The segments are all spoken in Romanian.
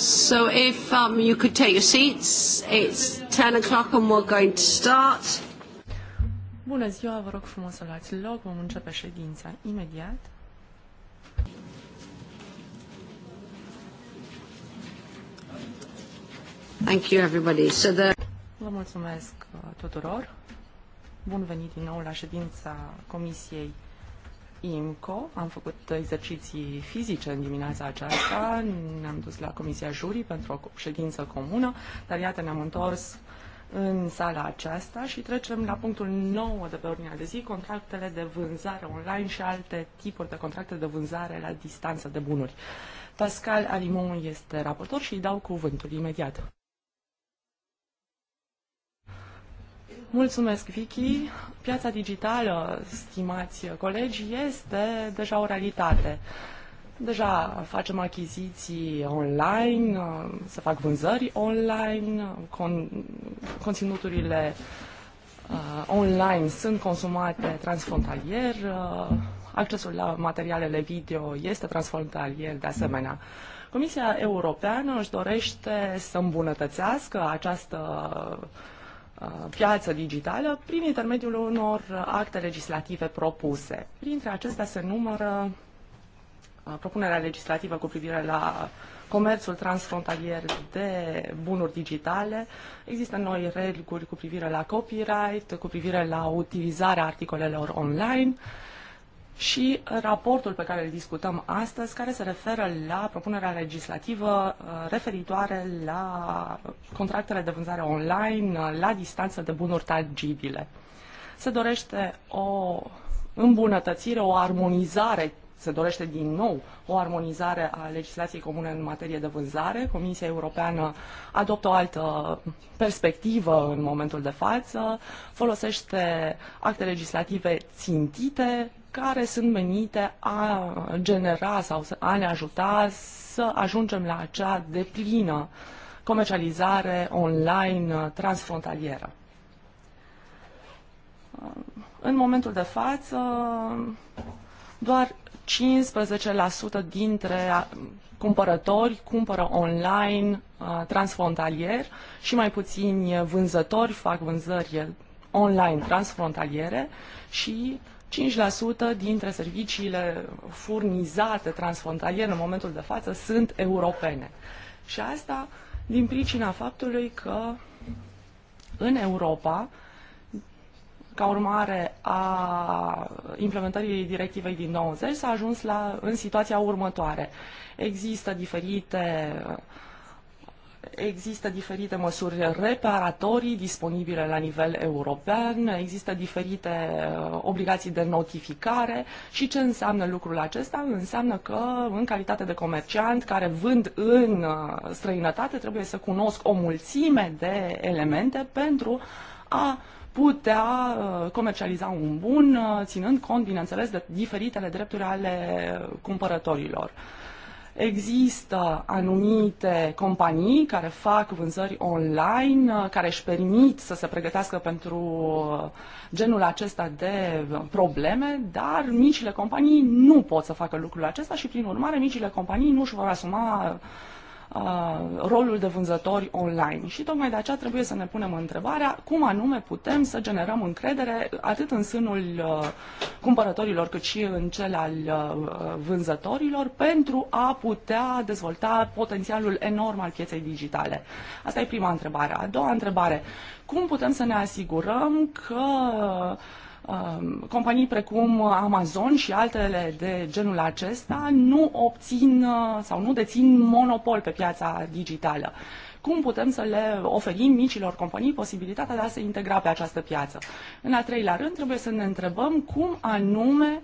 So if um, you could take your seats, it's 10 o'clock and we're going to start. Bună ziua, vă rog frumos să luați loc, vom începe ședința imediat. Thank you everybody. So the... Vă mulțumesc uh, tuturor. Bun venit din nou la ședința Comisiei IMCO, am făcut exerciții fizice în dimineața aceasta, ne-am dus la Comisia Jurii pentru o ședință comună, dar iată ne-am întors în sala aceasta și trecem la punctul 9 de pe ordinea de zi, contractele de vânzare online și alte tipuri de contracte de vânzare la distanță de bunuri. Pascal Alimon este raportor și îi dau cuvântul imediat. Mulțumesc, Vicky. Piața digitală, stimați colegi, este deja o realitate. Deja facem achiziții online, se fac vânzări online, con- conținuturile uh, online sunt consumate transfrontalier, uh, accesul la materialele video este transfrontalier de asemenea. Comisia Europeană își dorește să îmbunătățească această uh, Uh, piață digitală prin intermediul unor acte legislative propuse. Printre acestea se numără uh, propunerea legislativă cu privire la comerțul transfrontalier de bunuri digitale. Există noi reguli cu privire la copyright, cu privire la utilizarea articolelor online. Uh, și raportul pe care îl discutăm astăzi, care se referă la propunerea legislativă uh, referitoare la contractele de vânzare online uh, la distanță de bunuri tangibile. Se dorește o îmbunătățire, o armonizare se dorește din nou o armonizare a legislației comune în materie de vânzare. Comisia Europeană adoptă o altă perspectivă în momentul de față, folosește acte legislative țintite care sunt menite a genera sau a ne ajuta să ajungem la acea deplină comercializare online uh, transfrontalieră. Uh, în momentul de față, doar 15% dintre uh, cumpărători cumpără online transfrontalier și mai puțini vânzători fac vânzări online transfrontaliere și 5% dintre serviciile furnizate transfrontalier în momentul de față sunt europene. Și asta din pricina faptului că în Europa, ca urmare a implementării directivei din 90, s-a ajuns la, în situația următoare. Există diferite uh, Există diferite măsuri reparatorii disponibile la nivel european, există diferite uh, obligații de notificare și ce înseamnă lucrul acesta? Înseamnă că în calitate de comerciant care vând în uh, străinătate trebuie să cunosc o mulțime de elemente pentru a putea uh, comercializa un bun, ținând cont, bineînțeles, de diferitele drepturi ale cumpărătorilor. Există anumite companii care fac vânzări online, uh, care își permit să se pregătească pentru uh, genul acesta de uh, probleme, dar micile companii nu pot să facă lucrul acesta și, prin urmare, micile companii nu își vor asuma Uh, rolul de vânzători online. Și tocmai de aceea trebuie să ne punem întrebarea cum anume putem să generăm încredere atât în sânul uh, cumpărătorilor cât și în cel al uh, vânzătorilor pentru a putea dezvolta potențialul enorm al pieței digitale. Asta e prima întrebare. A doua întrebare, cum putem să ne asigurăm că uh, Um, companii precum Amazon și altele de genul acesta nu obțin uh, sau nu dețin monopol pe piața digitală cum putem să le oferim micilor companii posibilitatea de a se integra pe această piață. În al treilea rând, trebuie să ne întrebăm cum anume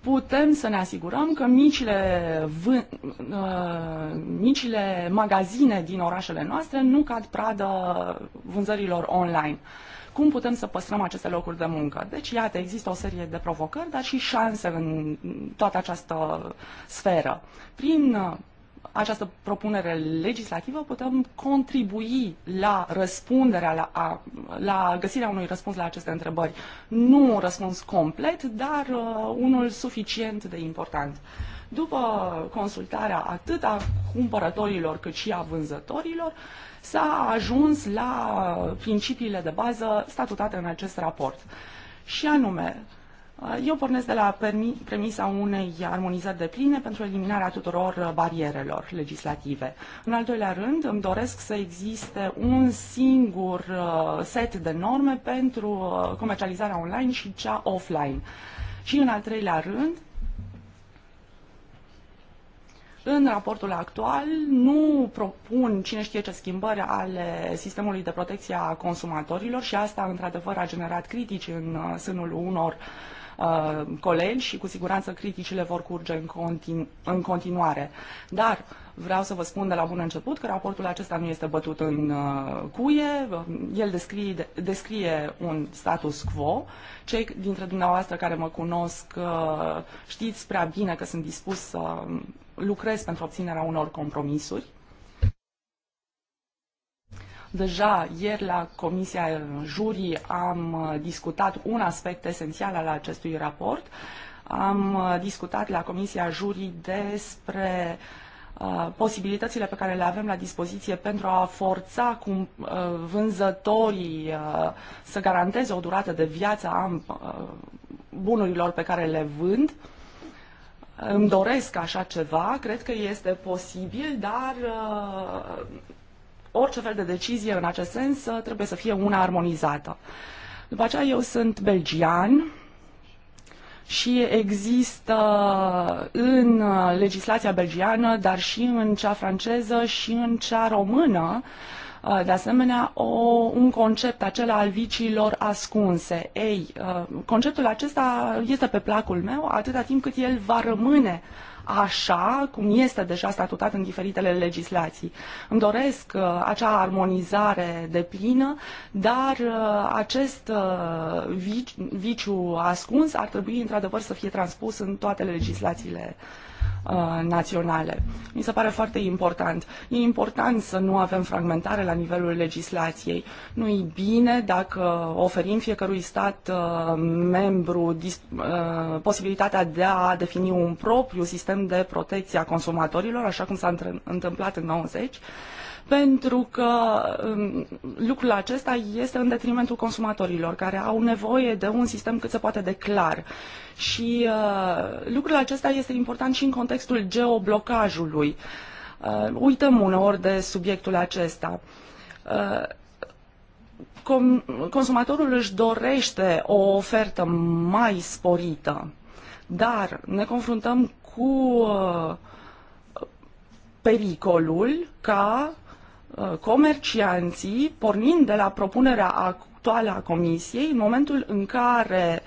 putem să ne asigurăm că micile, vân, uh, micile magazine din orașele noastre nu cad pradă vânzărilor online. Uh, cum putem să păstrăm aceste locuri de muncă. Deci, iată, există o serie de provocări, dar și șanse în toată această sferă. Prin uh, această propunere legislativă putem contribui la răspunderea, la, a, la găsirea unui răspuns la aceste întrebări. Nu un răspuns complet, dar uh, unul suficient de important. După consultarea atât a cumpărătorilor cât și a vânzătorilor, uh, s-a ajuns la principiile de bază statutate în acest raport. Și anume, eu pornesc de la premisa unei armonizări de pline pentru eliminarea tuturor barierelor legislative. În al doilea rând, îmi doresc să existe un singur uh, set de norme pentru uh, comercializarea online și cea offline. Și în al treilea rând, în raportul actual nu propun cine știe ce schimbări ale sistemului de protecție a consumatorilor și asta, într-adevăr, a generat critici în uh, sânul unor uh, colegi și cu siguranță criticile vor curge în, continu- în continuare. Dar vreau să vă spun de la bun început că raportul acesta nu este bătut în uh, cuie, el descrie, descrie un status quo. Cei dintre dumneavoastră care mă cunosc știți prea bine că sunt dispus să lucrez pentru obținerea unor compromisuri. Deja ieri la Comisia Jurii am uh, discutat un aspect esențial al acestui raport. Am uh, discutat la Comisia Jurii despre uh, posibilitățile pe care le avem la dispoziție pentru a forța cum vânzătorii să garanteze o durată de viață a bunurilor pe care le vând îmi doresc așa ceva, cred că este posibil, dar uh, orice fel de decizie în acest sens uh, trebuie să fie una armonizată. După aceea eu sunt belgian și există în uh, legislația belgiană, dar și în cea franceză și în cea română uh, Uh, de asemenea, o, un concept acela al viciilor ascunse. Ei, uh, conceptul acesta este pe placul meu atâta timp cât el va rămâne așa cum este deja statutat în diferitele legislații. Îmi doresc uh, acea armonizare de plină, dar uh, acest uh, viciu ascuns ar trebui într-adevăr să fie transpus în toate legislațiile uh, Uh, naționale. Mi se pare foarte important. E important să nu avem fragmentare la nivelul legislației. nu e bine dacă oferim fiecărui stat uh, membru uh, posibilitatea de a defini un propriu sistem de protecție a consumatorilor, așa cum s-a întâmplat în 90 pentru că um, lucrul acesta este în detrimentul consumatorilor care au nevoie de un sistem cât se poate de clar. Și uh, lucrul acesta este important și în contextul contextul geoblocajului. Uh, uităm uneori de subiectul acesta uh, consumatorul își dorește o ofertă mai sporită, dar ne confruntăm cu uh, pericolul ca comercianții, pornind de la propunerea actuală a Comisiei, în momentul în care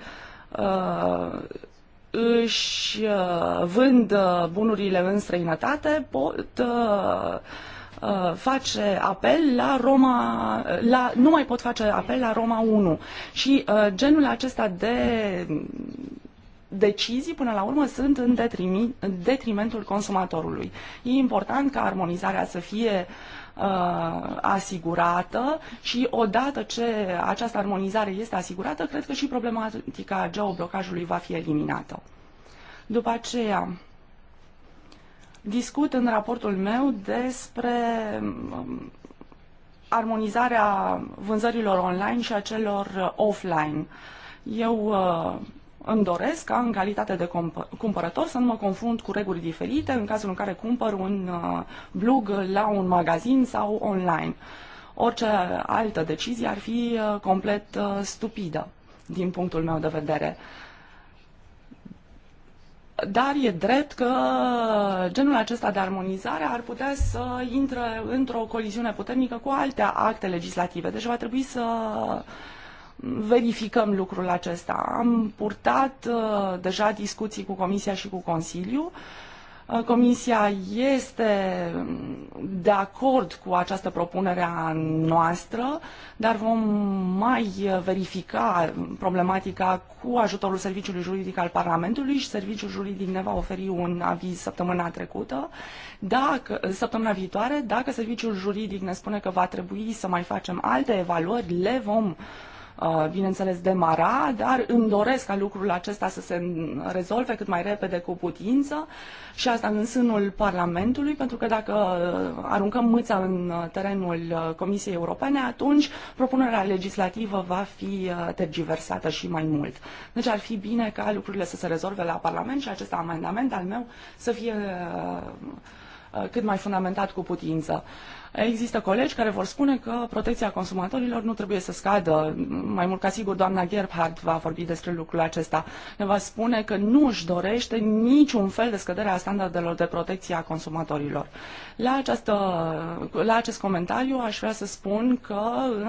își uh, vând uh, bunurile în străinătate pot uh, face apel la Roma, la, nu mai pot face apel la Roma 1. Și uh, genul acesta de decizii, până la urmă, sunt în, detrimi, în detrimentul consumatorului. E important ca armonizarea să fie uh, uh, asigurată și odată ce această armonizare este asigurată, cred că și problematica geoblocajului va fi eliminată. După aceea, discut în raportul meu despre um, armonizarea vânzărilor online și a celor offline. Eu uh, îmi doresc ca în calitate de cumpărător să nu mă confrunt cu reguli diferite în cazul în care cumpăr un uh, blog la un magazin sau online. Orice altă decizie ar fi uh, complet uh, stupidă din punctul meu de vedere. Dar e drept că genul acesta de armonizare ar putea să intre într-o coliziune puternică cu alte acte legislative. Deci va trebui să verificăm lucrul acesta. Am purtat uh, deja discuții cu Comisia și cu Consiliu. Uh, Comisia este de acord cu această propunere a noastră, dar vom mai verifica problematica cu ajutorul Serviciului Juridic al Parlamentului și Serviciul Juridic ne va oferi un aviz săptămâna trecută, dacă, săptămâna viitoare. Dacă Serviciul Juridic ne spune că va trebui să mai facem alte evaluări, le vom uh, Uh, bineînțeles, demara, dar îmi doresc ca lucrul acesta să se rezolve cât mai repede cu putință și asta în sânul Parlamentului, pentru că dacă uh, aruncăm mâța în uh, terenul Comisiei Europene, atunci propunerea legislativă va fi tergiversată și mai mult. Deci ar fi bine ca lucrurile să se rezolve la Parlament și acest amendament al meu să fie cât mai fundamentat cu putință. Există colegi care vor spune că protecția consumatorilor nu trebuie să scadă. Mai mult ca sigur, doamna Gerhardt va vorbi despre lucrul acesta. Ne va spune că nu își dorește niciun fel de scădere a standardelor de protecție a consumatorilor. La, această, la acest comentariu aș vrea să spun că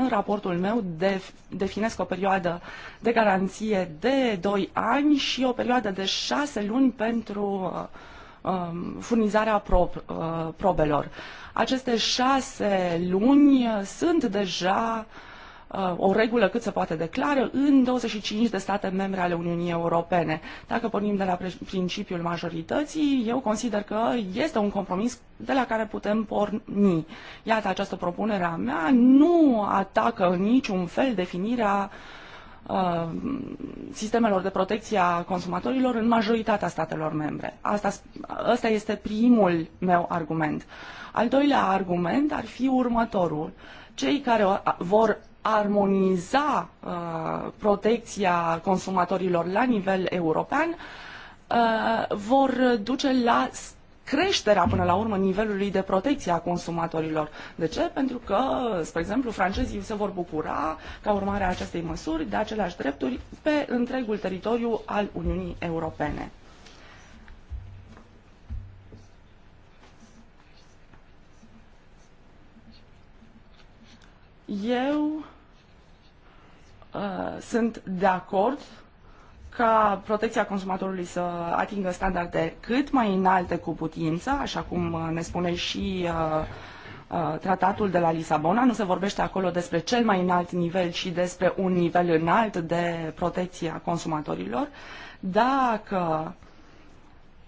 în raportul meu def, definesc o perioadă de garanție de 2 ani și o perioadă de 6 luni pentru uh, um, furnizarea prob, uh, probelor. Aceste șase luni sunt deja uh, o regulă cât se poate declară în 25 de state membre ale Uniunii Europene. Dacă pornim de la principiul majorității, eu consider că este un compromis de la care putem porni. Iată, această propunere a mea nu atacă în niciun fel definirea uh, Uh, sistemelor de protecție a consumatorilor în majoritatea statelor membre. Asta, asta este primul meu argument. Al doilea argument ar fi următorul. Cei care vor armoniza uh, protecția consumatorilor la nivel european uh, vor duce la creșterea până la urmă nivelului de protecție a consumatorilor. De ce? Pentru că, spre exemplu, francezii se vor bucura ca urmare a acestei măsuri de aceleași drepturi pe întregul teritoriu al Uniunii Europene. Eu uh, sunt de acord ca protecția consumatorului să atingă standarde cât mai înalte cu putință, așa cum uh, ne spune și uh, uh, tratatul de la Lisabona. Nu se vorbește acolo despre cel mai înalt nivel, și despre un nivel înalt de protecție a consumatorilor. Dacă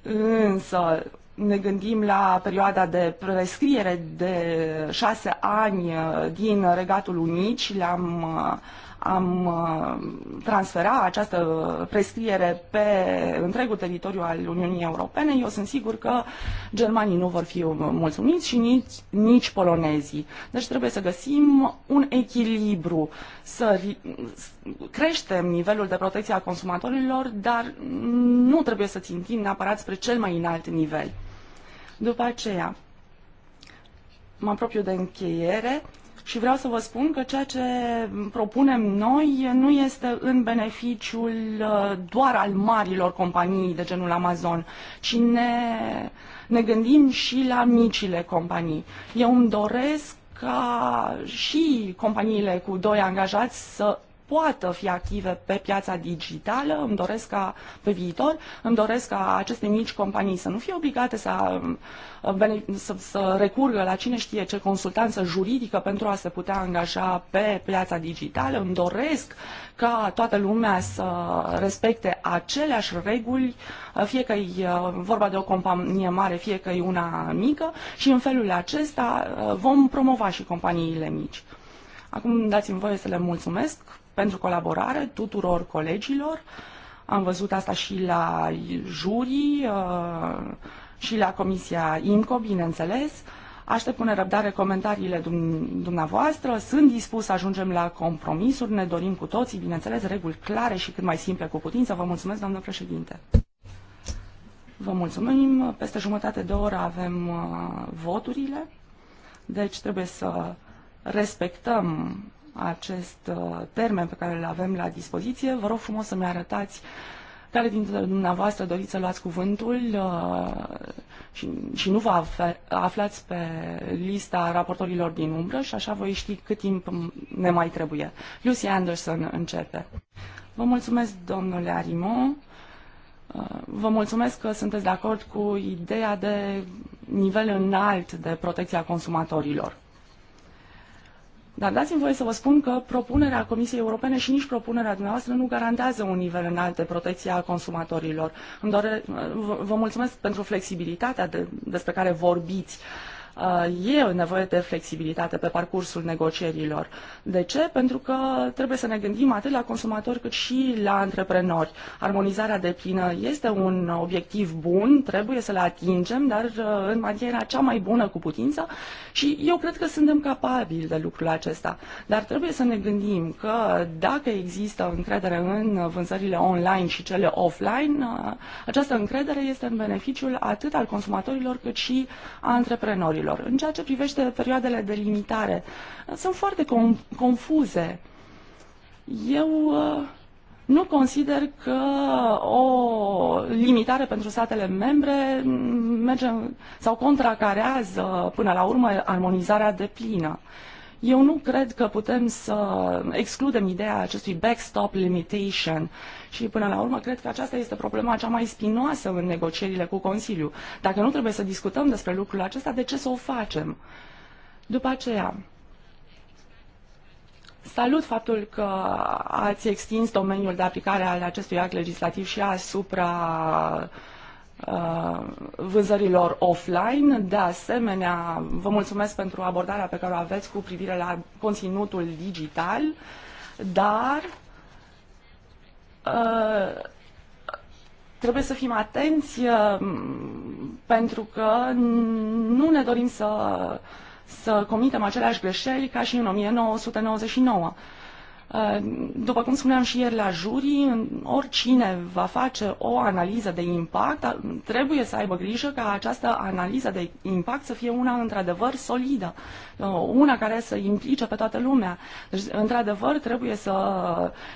însă ne gândim la perioada de prescriere de șase ani uh, din Regatul Unit și le-am uh, am uh, transfera această prescriere pe întregul teritoriu al Uniunii Europene, eu sunt sigur că germanii nu vor fi uh, mulțumiți și nici, nici polonezii. Deci trebuie să găsim un echilibru, să creștem nivelul de protecție a consumatorilor, dar nu trebuie să țintim neapărat spre cel mai înalt nivel. După aceea, mă apropiu de încheiere, și vreau să vă spun că ceea ce propunem noi nu este în beneficiul uh, doar al marilor companii de genul Amazon, ci ne, ne gândim și la micile companii. Eu îmi doresc ca și companiile cu doi angajați să poată fi active pe piața digitală. Îmi doresc ca pe viitor, îmi doresc ca aceste mici companii să nu fie obligate să, um, să, să recurgă la cine știe ce consultanță juridică pentru a se putea angaja pe piața digitală. Îmi doresc ca toată lumea să respecte aceleași reguli, fie că e uh, vorba de o companie mare, fie că e una mică și în felul acesta uh, vom promova și companiile mici. Acum dați-mi voie să le mulțumesc pentru colaborare tuturor colegilor. Am văzut asta și la jurii, uh, și la Comisia INCO, bineînțeles. Aștept cu nerăbdare comentariile dumneavoastră. Sunt dispus să ajungem la compromisuri. Ne dorim cu toții, bineînțeles, reguli clare și cât mai simple cu putință. Vă mulțumesc, doamnă președinte. Vă mulțumim. Peste jumătate de oră avem uh, voturile, deci trebuie să respectăm acest uh, termen pe care îl avem la dispoziție. Vă rog frumos să-mi arătați care dintre dumneavoastră doriți să luați cuvântul uh, și, și nu vă aflați pe lista raportorilor din umbră și așa voi ști cât timp ne mai trebuie. Lucy Anderson începe. Vă mulțumesc, domnule Arimon. Uh, vă mulțumesc că sunteți de acord cu ideea de nivel înalt de protecția consumatorilor. Dar dați-mi voie să vă spun că propunerea Comisiei Europene și nici propunerea dumneavoastră nu garantează un nivel înalt de protecție a consumatorilor. Îmi vă mulțumesc pentru flexibilitatea de, despre care vorbiți. Uh, Uh, e nevoie de flexibilitate pe parcursul negocierilor. De ce? Pentru că trebuie să ne gândim atât la consumatori cât și la antreprenori. Armonizarea de plină este un obiectiv bun, trebuie să-l atingem, dar uh, în maniera cea mai bună cu putință și eu cred că suntem capabili de lucrul acesta. Dar trebuie să ne gândim că dacă există încredere în vânzările online și cele offline, uh, această încredere este în beneficiul atât al consumatorilor cât și a antreprenorilor lucrătorilor. În ceea ce privește perioadele de limitare, sunt foarte com- confuze. Eu uh, nu consider că o limitare pentru statele membre merge sau contracarează până la urmă armonizarea de plină. Eu nu cred că putem să excludem ideea acestui backstop limitation și până la urmă cred că aceasta este problema cea mai spinoasă în negocierile cu Consiliul. Dacă nu trebuie să discutăm despre lucrul acesta, de ce să o facem? După aceea, Salut faptul că ați extins domeniul de aplicare al acestui act legislativ și asupra Uh, vânzărilor offline. De asemenea, vă mulțumesc pentru abordarea pe care o aveți cu privire la conținutul digital, dar uh, trebuie să fim atenți uh, pentru că nu ne dorim să, să comitem aceleași greșeli ca și în 1999. Uh, după cum spuneam și ieri la jurii, oricine va face o analiză de impact uh, trebuie să aibă grijă ca această analiză de impact să fie una într-adevăr solidă, uh, una care să implice pe toată lumea. Deci, într-adevăr, trebuie să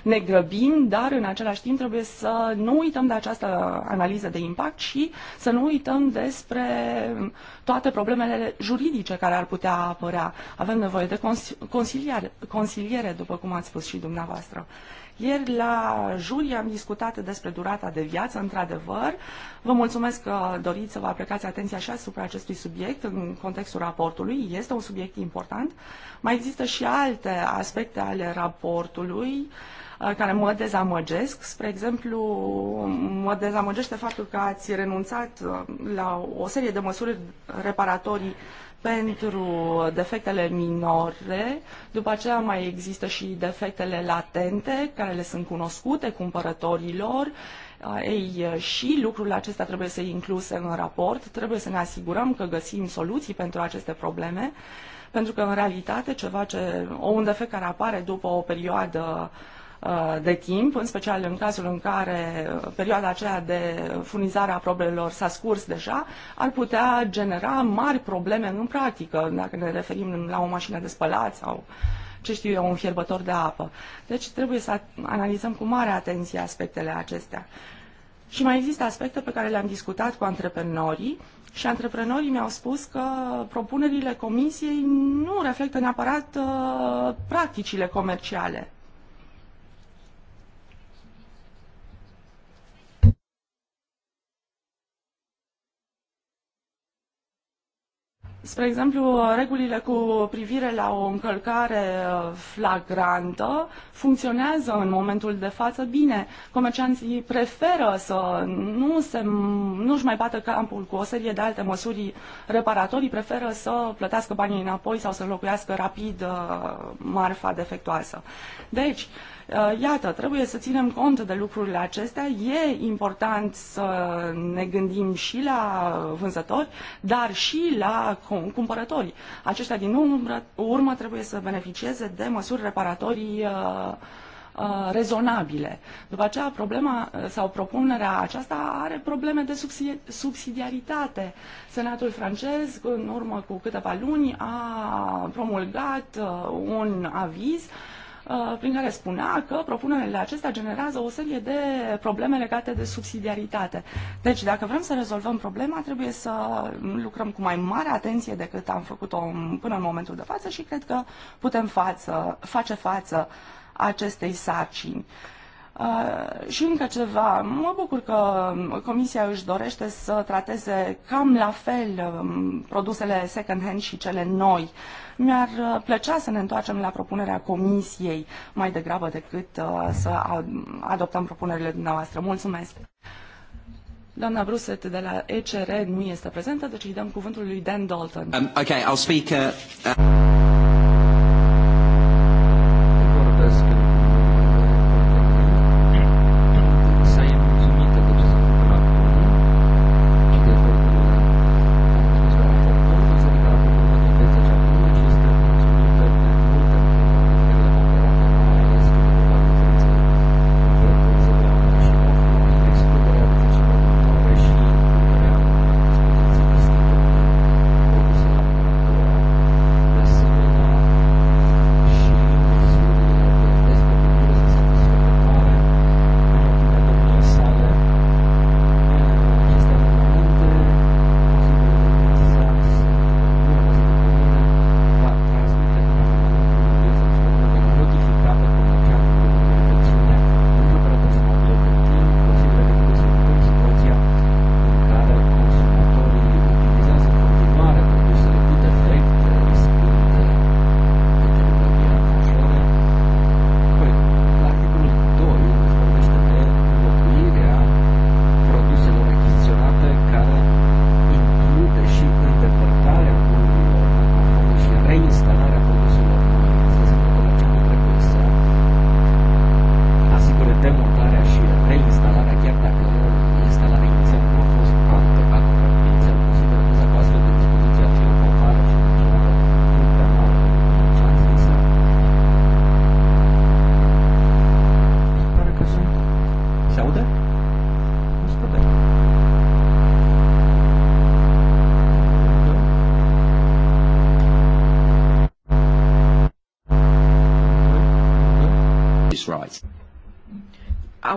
ne grăbim, dar în același timp trebuie să nu uităm de această analiză de impact și să nu uităm despre toate problemele juridice care ar putea apărea. Avem nevoie de consiliere, consiliere după cum ați spus spus și dumneavoastră. Ieri la jurii am discutat despre durata de viață, într-adevăr. Vă mulțumesc că doriți să vă aplicați atenția și asupra acestui subiect în contextul raportului. Este un subiect important. Mai există și alte aspecte ale raportului uh, care mă dezamăgesc. Spre exemplu, mă dezamăgește faptul că ați renunțat uh, la o serie de măsuri reparatorii pentru defectele minore, după aceea mai există și defectele latente, care le sunt cunoscute cumpărătorilor, ei, și lucrul acesta trebuie să incluse în raport, trebuie să ne asigurăm că găsim soluții pentru aceste probleme, pentru că în realitate ceva ce, un defect care apare după o perioadă uh, Uh, de timp, în special în cazul în care uh, perioada aceea de furnizare a probelor s-a scurs deja, ar putea genera mari probleme în practică, dacă ne referim la o mașină de spălat sau ce știu eu, un fierbător de apă. Deci trebuie să analizăm cu mare atenție aspectele acestea. Și mai există aspecte pe care le-am discutat cu antreprenorii și antreprenorii mi-au spus că propunerile comisiei nu reflectă neapărat uh, practicile comerciale. Spre exemplu, regulile cu privire la o încălcare uh, flagrantă funcționează în momentul de față bine. Comercianții preferă să nu se, nu-și mai bată campul cu o serie de alte măsuri reparatorii, preferă să plătească banii înapoi sau să locuiască rapid uh, marfa defectuoasă. Deci, uh, Uh, iată, trebuie să ținem cont de lucrurile acestea. E important să ne gândim și la vânzători, dar și la cumpărători. Aceștia din urmă, urmă trebuie să beneficieze de măsuri reparatorii uh, uh, rezonabile. După aceea, problema sau propunerea aceasta are probleme de subsidiaritate. Senatul francez, în urmă cu câteva luni, a promulgat un aviz uh, Uh, prin care spunea că propunerile acestea generează o serie de probleme legate de subsidiaritate. Deci, dacă vrem să rezolvăm problema, trebuie să lucrăm cu mai mare atenție decât am făcut-o până în momentul de față și cred că putem față, face față acestei sarcini. Uh, Uh, și încă ceva, mă bucur că Comisia își dorește să trateze cam la fel um, produsele second-hand și cele noi. Mi-ar uh, plăcea să ne întoarcem la propunerea Comisiei mai degrabă decât uh, să adoptăm propunerile dumneavoastră. Mulțumesc! Doamna Bruset de la ECR nu este prezentă, deci îi dăm cuvântul lui Dan Dalton. Um, okay, I'll speak, uh, uh...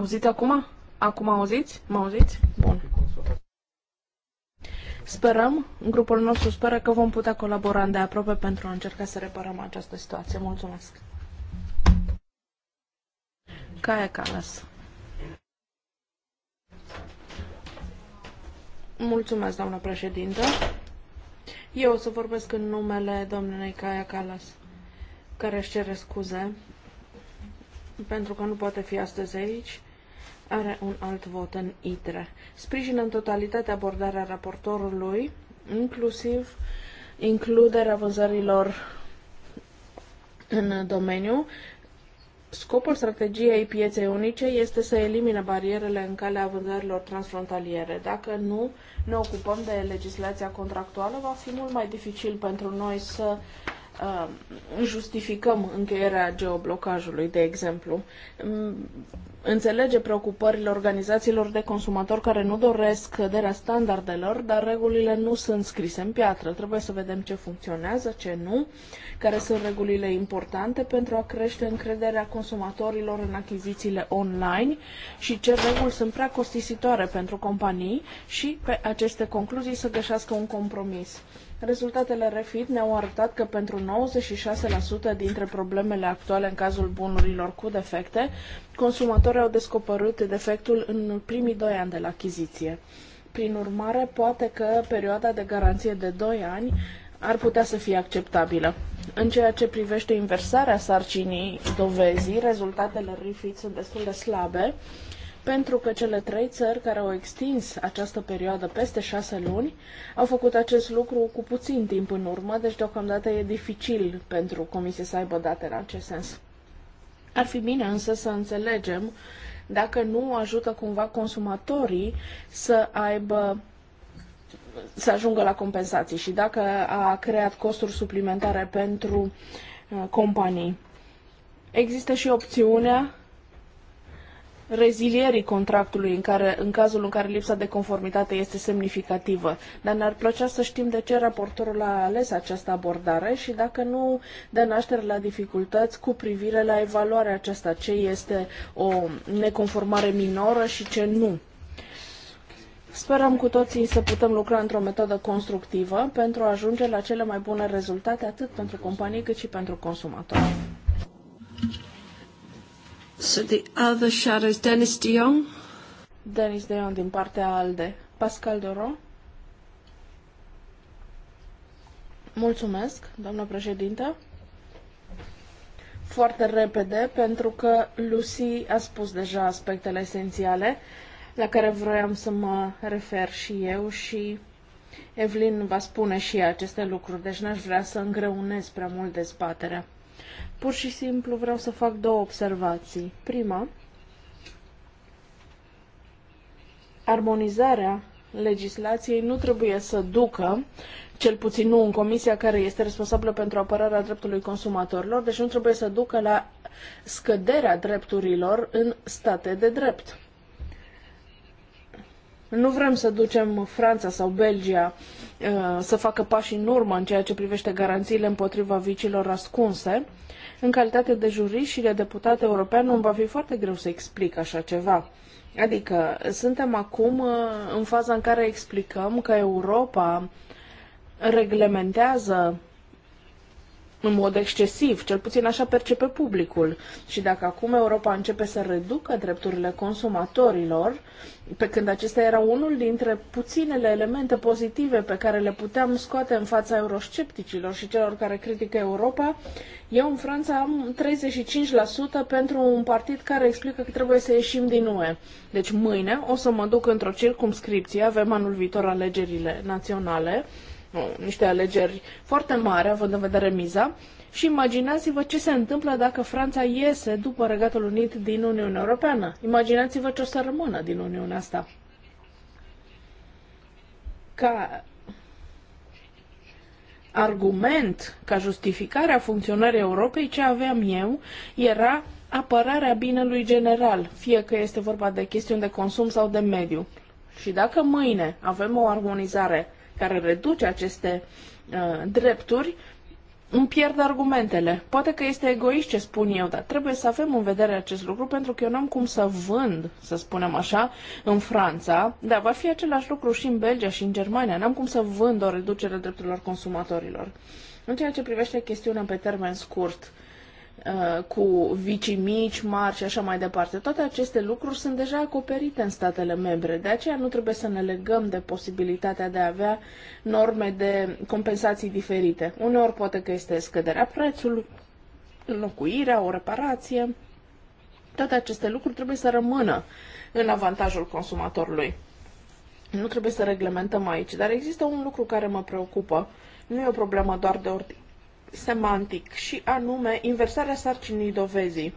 auzit acum? Acum auziți? Mă auziți? Bun. Sperăm, grupul nostru speră că vom putea colabora îndeaproape pentru a încerca să reparăm această situație. Mulțumesc! Caia Calas Mulțumesc, doamnă președintă. Eu o să vorbesc în numele domnului Caia Calas, care își cere scuze pentru că nu poate fi astăzi aici are un alt vot în ITRE. Sprijină în totalitate abordarea raportorului, inclusiv includerea vânzărilor în domeniu. Scopul strategiei pieței unice este să elimine barierele în calea vânzărilor transfrontaliere. Dacă nu ne ocupăm de legislația contractuală, va fi mult mai dificil pentru noi să Um, justificăm încheierea geoblocajului, de exemplu. Mm, înțelege preocupările organizațiilor de consumatori care nu doresc căderea standardelor, dar regulile nu sunt scrise în piatră. Trebuie să vedem ce funcționează, ce nu, care sunt regulile importante pentru a crește încrederea consumatorilor în achizițiile online și ce reguli sunt prea costisitoare pentru companii și pe aceste concluzii să găsească un compromis. Rezultatele REFIT ne-au arătat că pentru 96% dintre problemele actuale în cazul bunurilor cu defecte, consumatorii au descoperit defectul în primii 2 ani de la achiziție. Prin urmare, poate că perioada de garanție de 2 ani ar putea să fie acceptabilă. În ceea ce privește inversarea sarcinii dovezii, rezultatele Refit sunt destul de slabe pentru că cele trei țări care au extins această perioadă peste șase luni au făcut acest lucru cu puțin timp în urmă, deci deocamdată e dificil pentru Comisie să aibă date în acest sens. Ar fi bine însă să înțelegem dacă nu ajută cumva consumatorii să aibă să ajungă la compensații și dacă a creat costuri suplimentare pentru uh, companii. Există și opțiunea rezilierii contractului în, care, în cazul în care lipsa de conformitate este semnificativă. Dar ne-ar plăcea să știm de ce raportorul a ales această abordare și dacă nu dă naștere la dificultăți cu privire la evaluarea aceasta, ce este o neconformare minoră și ce nu. Sperăm cu toții să putem lucra într-o metodă constructivă pentru a ajunge la cele mai bune rezultate atât pentru companii cât și pentru consumatori. So the other shadows, Dennis de Jong. Dennis de Jong din partea ALDE. Pascal Doron. Mulțumesc, doamnă președintă. Foarte repede, pentru că Lucy a spus deja aspectele esențiale la care vroiam să mă refer și eu și Evelyn va spune și ea aceste lucruri, deci n-aș vrea să îngreunez prea mult dezbaterea. Pur și simplu vreau să fac două observații. Prima, armonizarea legislației nu trebuie să ducă, cel puțin nu în comisia care este responsabilă pentru apărarea dreptului consumatorilor, deci nu trebuie să ducă la scăderea drepturilor în state de drept. Nu vrem să ducem Franța sau Belgia uh, să facă pași în urmă în ceea ce privește garanțiile împotriva vicilor ascunse. În calitate de jurist și de deputat european îmi va fi foarte greu să explic așa ceva. Adică suntem acum uh, în faza în care explicăm că Europa reglementează în mod excesiv, cel puțin așa percepe publicul. Și dacă acum Europa începe să reducă drepturile consumatorilor, pe când acesta era unul dintre puținele elemente pozitive pe care le puteam scoate în fața euroscepticilor și celor care critică Europa, eu în Franța am 35% pentru un partid care explică că trebuie să ieșim din UE. Deci mâine o să mă duc într-o circumscripție, avem anul viitor alegerile naționale, niște alegeri foarte mari, având în vedere miza, și imaginați-vă ce se întâmplă dacă Franța iese după Regatul Unit din Uniunea Europeană. Imaginați-vă ce o să rămână din Uniunea asta. Ca argument, ca justificare a funcționării Europei, ce aveam eu era apărarea binelui general, fie că este vorba de chestiuni de consum sau de mediu. Și dacă mâine avem o armonizare care reduce aceste uh, drepturi, îmi pierd argumentele. Poate că este egoist ce spun eu, dar trebuie să avem în vedere acest lucru pentru că eu n-am cum să vând, să spunem așa, în Franța, dar va fi același lucru și în Belgia și în Germania. N-am cum să vând o reducere drepturilor consumatorilor. În ceea ce privește chestiunea pe termen scurt, uh, Uh, cu vicii mici, mari și așa mai departe. Toate aceste lucruri sunt deja acoperite în statele membre, de aceea nu trebuie să ne legăm de posibilitatea de a avea norme de compensații diferite. Uneori poate că este scăderea prețului, înlocuirea, o reparație. Toate aceste lucruri trebuie să rămână în avantajul consumatorului. Nu trebuie să reglementăm aici, dar există un lucru care mă preocupă. Nu e o problemă doar de ordine semantic și anume inversarea sarcinii dovezii.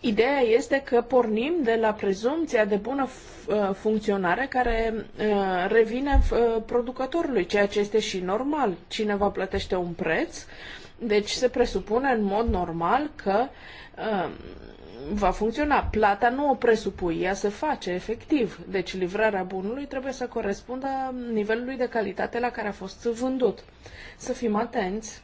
Ideea este că pornim de la prezumția de bună uh, funcționare care uh, revine uh, producătorului, ceea ce este și normal. Cineva plătește un preț, deci se presupune în mod normal că va funcționa. Plata nu o presupui, ea se face efectiv. Deci livrarea bunului trebuie să corespundă nivelului de calitate la care a fost vândut. Să fim atenți.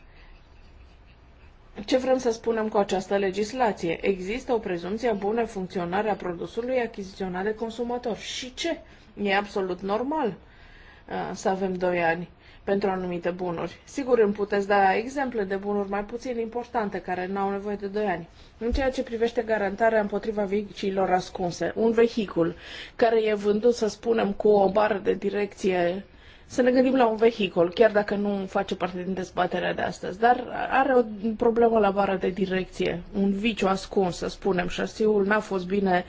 Ce vrem să spunem cu această legislație? Există o prezumție bună funcționare a produsului achiziționat de consumator. Și ce? E absolut normal uh, să avem doi ani pentru anumite bunuri. Sigur, îmi puteți da exemple de bunuri mai puțin importante care nu au nevoie de 2 ani. În ceea ce privește garantarea împotriva vehicilor ascunse, un vehicul care e vândut, să spunem, cu o bară de direcție să ne gândim la un vehicul, chiar dacă nu face parte din dezbaterea de astăzi, dar are o problemă la bară de direcție, un viciu ascuns, să spunem, șasiul n-a fost bine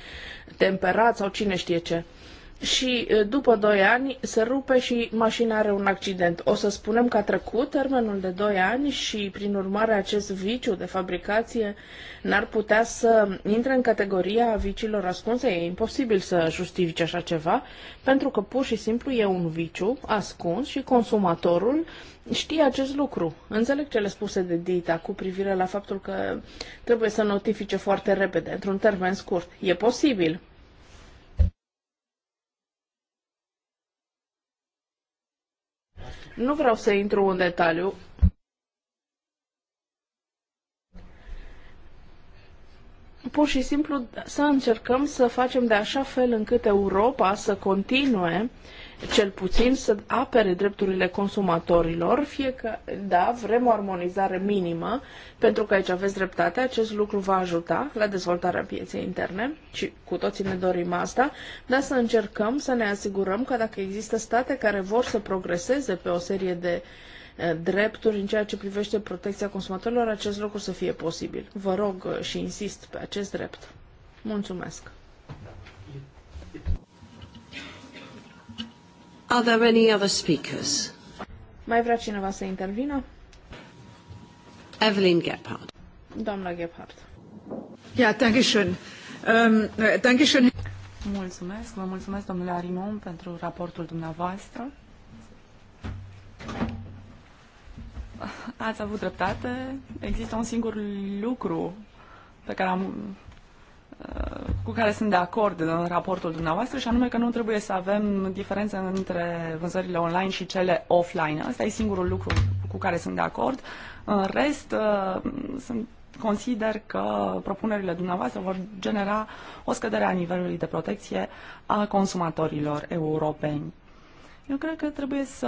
temperat sau cine știe ce și după 2 ani se rupe și mașina are un accident. O să spunem că a trecut termenul de 2 ani și, prin urmare, acest viciu de fabricație n-ar putea să intre în categoria vicilor ascunse. E imposibil să justifice așa ceva, pentru că pur și simplu e un viciu ascuns și consumatorul știe acest lucru. Înțeleg cele spuse de Dita cu privire la faptul că trebuie să notifice foarte repede, într-un termen scurt. E posibil, Nu vreau să intru în detaliu. Pur și simplu să încercăm să facem de așa fel încât Europa să continue uh, cel puțin să apere drepturile consumatorilor, fie că, da, vrem o armonizare minimă, pentru că aici aveți dreptate, acest lucru va ajuta la dezvoltarea pieței interne și cu toții ne dorim asta, dar să încercăm să ne asigurăm că dacă există state care vor să progreseze pe o serie de drepturi în ceea ce privește protecția consumatorilor, acest lucru să fie posibil. Vă rog și insist pe acest drept. Mulțumesc! Are there any other speakers? Mai vrea cineva să intervină? Evelyn Gephardt. Doamna Gephardt. Ja, danke schön. Um, danke schön. Mulțumesc, vă mulțumesc, domnule Arimon, pentru raportul dumneavoastră. Ați avut dreptate. Există un singur lucru pe care am cu care sunt de acord în raportul dumneavoastră și anume că nu trebuie să avem diferențe între vânzările online și cele offline. Asta e singurul lucru cu care sunt de acord. În rest, uh, sunt consider că propunerile dumneavoastră vor genera o scădere a nivelului de protecție a consumatorilor europeni. Eu cred că trebuie să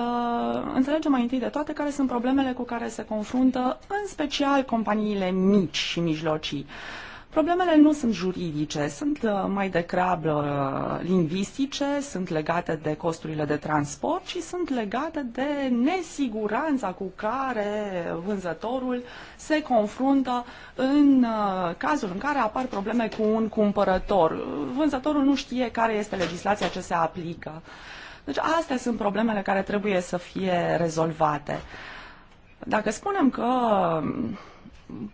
înțelegem mai întâi de toate care sunt problemele cu care se confruntă în special companiile mici și mijlocii. Uh, Problemele nu sunt juridice, sunt uh, mai degrabă uh, lingvistice, sunt legate de costurile de transport și sunt legate de nesiguranța cu care vânzătorul se confruntă în uh, cazul în care apar probleme cu un cumpărător. Vânzătorul nu știe care este legislația ce se aplică. Deci astea sunt problemele care trebuie să fie rezolvate. Dacă spunem că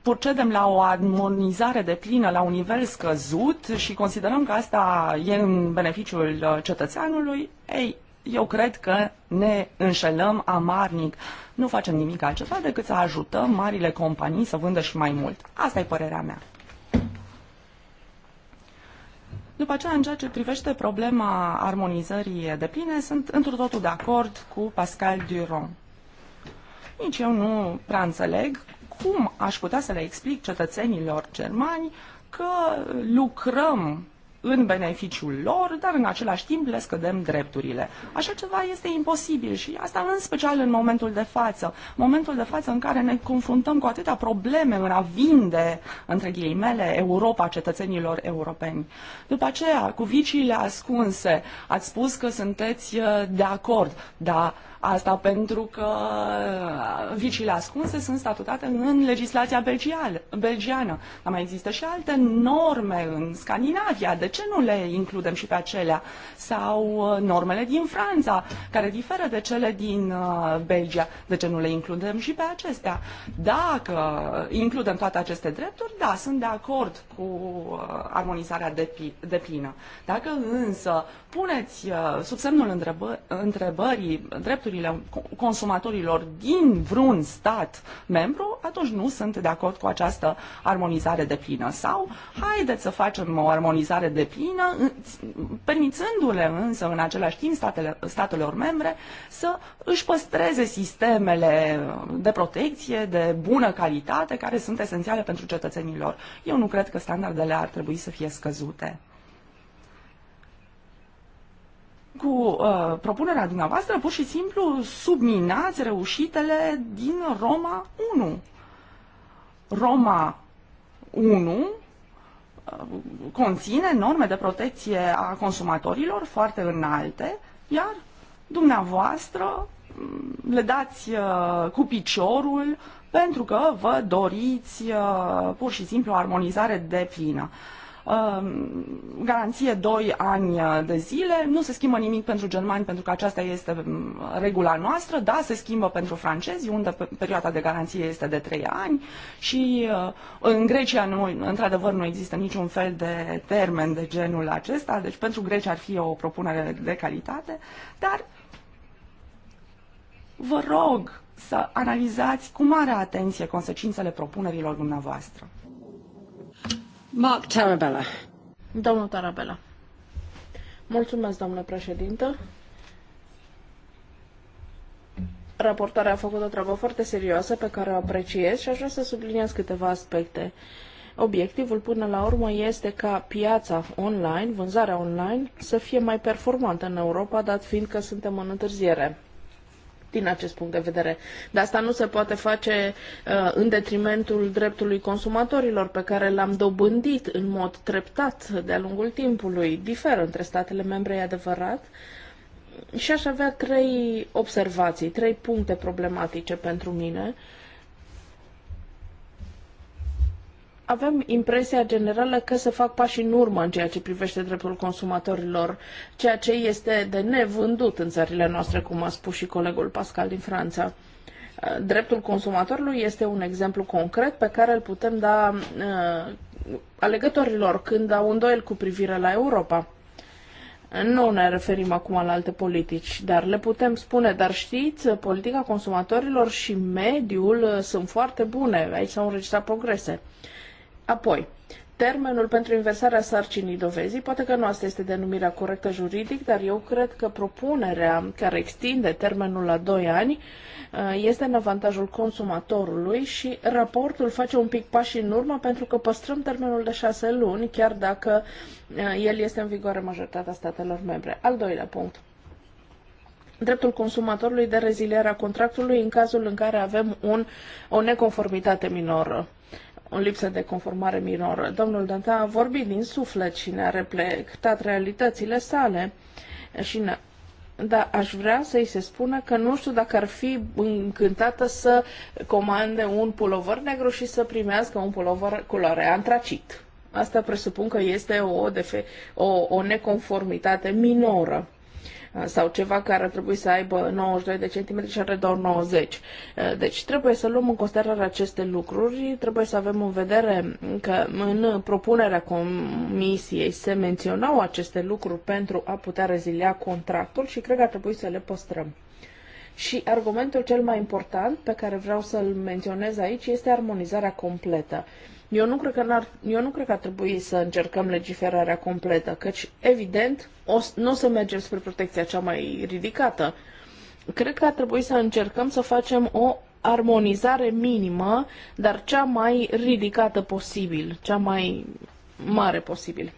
procedem la o armonizare de plină la un nivel scăzut și considerăm că asta e în beneficiul uh, cetățeanului, ei, eu cred că ne înșelăm amarnic. Nu facem nimic altceva decât să ajutăm marile companii să vândă și mai mult. Asta e părerea mea. După aceea, în ceea ce privește problema armonizării de pline, sunt într totul de acord cu Pascal Durand. Nici eu nu prea înțeleg cum aș putea să le explic cetățenilor germani că lucrăm în beneficiul lor, dar în același timp le scădem drepturile. Așa ceva este imposibil și asta în special în momentul de față. Momentul de față în care ne confruntăm cu atâtea probleme în a vinde, între ghilimele, Europa cetățenilor europeni. După aceea, cu viciile ascunse, ați spus că sunteți uh, de acord, dar Asta pentru că viciile ascunse sunt statutate în legislația belgiană. Dar mai există și alte norme în Scandinavia. De ce nu le includem și pe acelea? Sau uh, normele din Franța, care diferă de cele din uh, Belgia. De ce nu le includem și pe acestea? Dacă includem toate aceste drepturi, da, sunt de acord cu uh, armonizarea de, de plină. Dacă însă puneți sub semnul întrebă- întrebării dreptul drepturile consumatorilor din vreun stat membru, atunci nu sunt de acord cu această armonizare de plină. Sau haideți să facem o armonizare de plină, permițându-le însă în același timp statele, statelor membre să își păstreze sistemele de protecție de bună calitate care sunt esențiale pentru cetățenilor. Eu nu cred că standardele ar trebui să fie scăzute. cu uh, propunerea dumneavoastră pur și simplu subminați reușitele din Roma 1. Roma 1 uh, conține norme de protecție a consumatorilor foarte înalte, iar dumneavoastră mm, le dați uh, cu piciorul pentru că vă doriți uh, pur și simplu o armonizare de plină. Uh, Um, garanție 2 ani uh, de zile, nu se schimbă nimic pentru germani pentru că aceasta este um, regula noastră, da, se schimbă pentru francezi unde perioada de garanție este de 3 ani și uh, în Grecia nu, într-adevăr nu există niciun fel de termen de genul acesta, deci pentru Grecia ar fi o propunere de calitate, dar vă rog să analizați cu mare atenție consecințele propunerilor dumneavoastră. Mark Tarabella. Domnul Tarabella. Mulțumesc, domnule președinte. Raportarea a făcut o treabă foarte serioasă pe care o apreciez și aș vrea să subliniez câteva aspecte. Obiectivul până la urmă este ca piața online, vânzarea online, să fie mai performantă în Europa, dat fiind că suntem în întârziere din acest punct de vedere. Dar asta nu se poate face uh, în detrimentul dreptului consumatorilor pe care l-am dobândit în mod treptat de-a lungul timpului. Diferă între statele membre, e adevărat. Și aș avea trei observații, trei puncte problematice pentru mine. Uh, avem impresia generală că se fac pași în urmă în ceea ce privește dreptul consumatorilor, ceea ce este de nevândut în țările noastre, cum a spus și colegul Pascal din Franța. Dreptul consumatorului este un exemplu concret pe care îl putem da uh, alegătorilor când au îndoiel cu privire la Europa. Nu ne referim acum la alte politici, dar le putem spune, dar știți, politica consumatorilor și mediul uh, sunt foarte bune, aici s-au înregistrat progrese. Uh, Apoi, termenul pentru inversarea sarcinii dovezii, poate că nu asta este denumirea corectă juridic, dar eu cred că propunerea care extinde termenul la 2 ani uh, este în avantajul consumatorului și raportul face un pic pași în urmă pentru că păstrăm termenul de 6 luni, chiar dacă uh, el este în vigoare majoritatea statelor membre. Al doilea punct dreptul consumatorului de reziliere a contractului în cazul în care avem un, o neconformitate minoră o lipsă de conformare minoră. Domnul Dantea a vorbit din suflet și ne-a reflectat realitățile sale și ne dar aș vrea să-i se spună că nu știu dacă ar fi încântată să comande un pulover negru și să primească un pulover culoare antracit. Asta presupun că este o, defe- o, o neconformitate minoră. Uh, sau ceva care ar trebui să aibă 92 de centimetri și are doar 90. Uh, deci trebuie să luăm în considerare aceste lucruri, trebuie să avem în vedere că în propunerea comisiei se menționau aceste lucruri pentru a putea rezilia contractul și cred că ar trebui să le păstrăm. Și argumentul cel mai important pe care vreau să-l menționez aici este armonizarea completă. Eu nu cred că, n-ar, eu nu cred că ar trebui să încercăm legiferarea completă, căci, evident, o, nu o să mergem spre protecția cea mai ridicată. Cred că ar trebui să încercăm să facem o armonizare minimă, dar cea mai ridicată posibil, cea mai mare posibil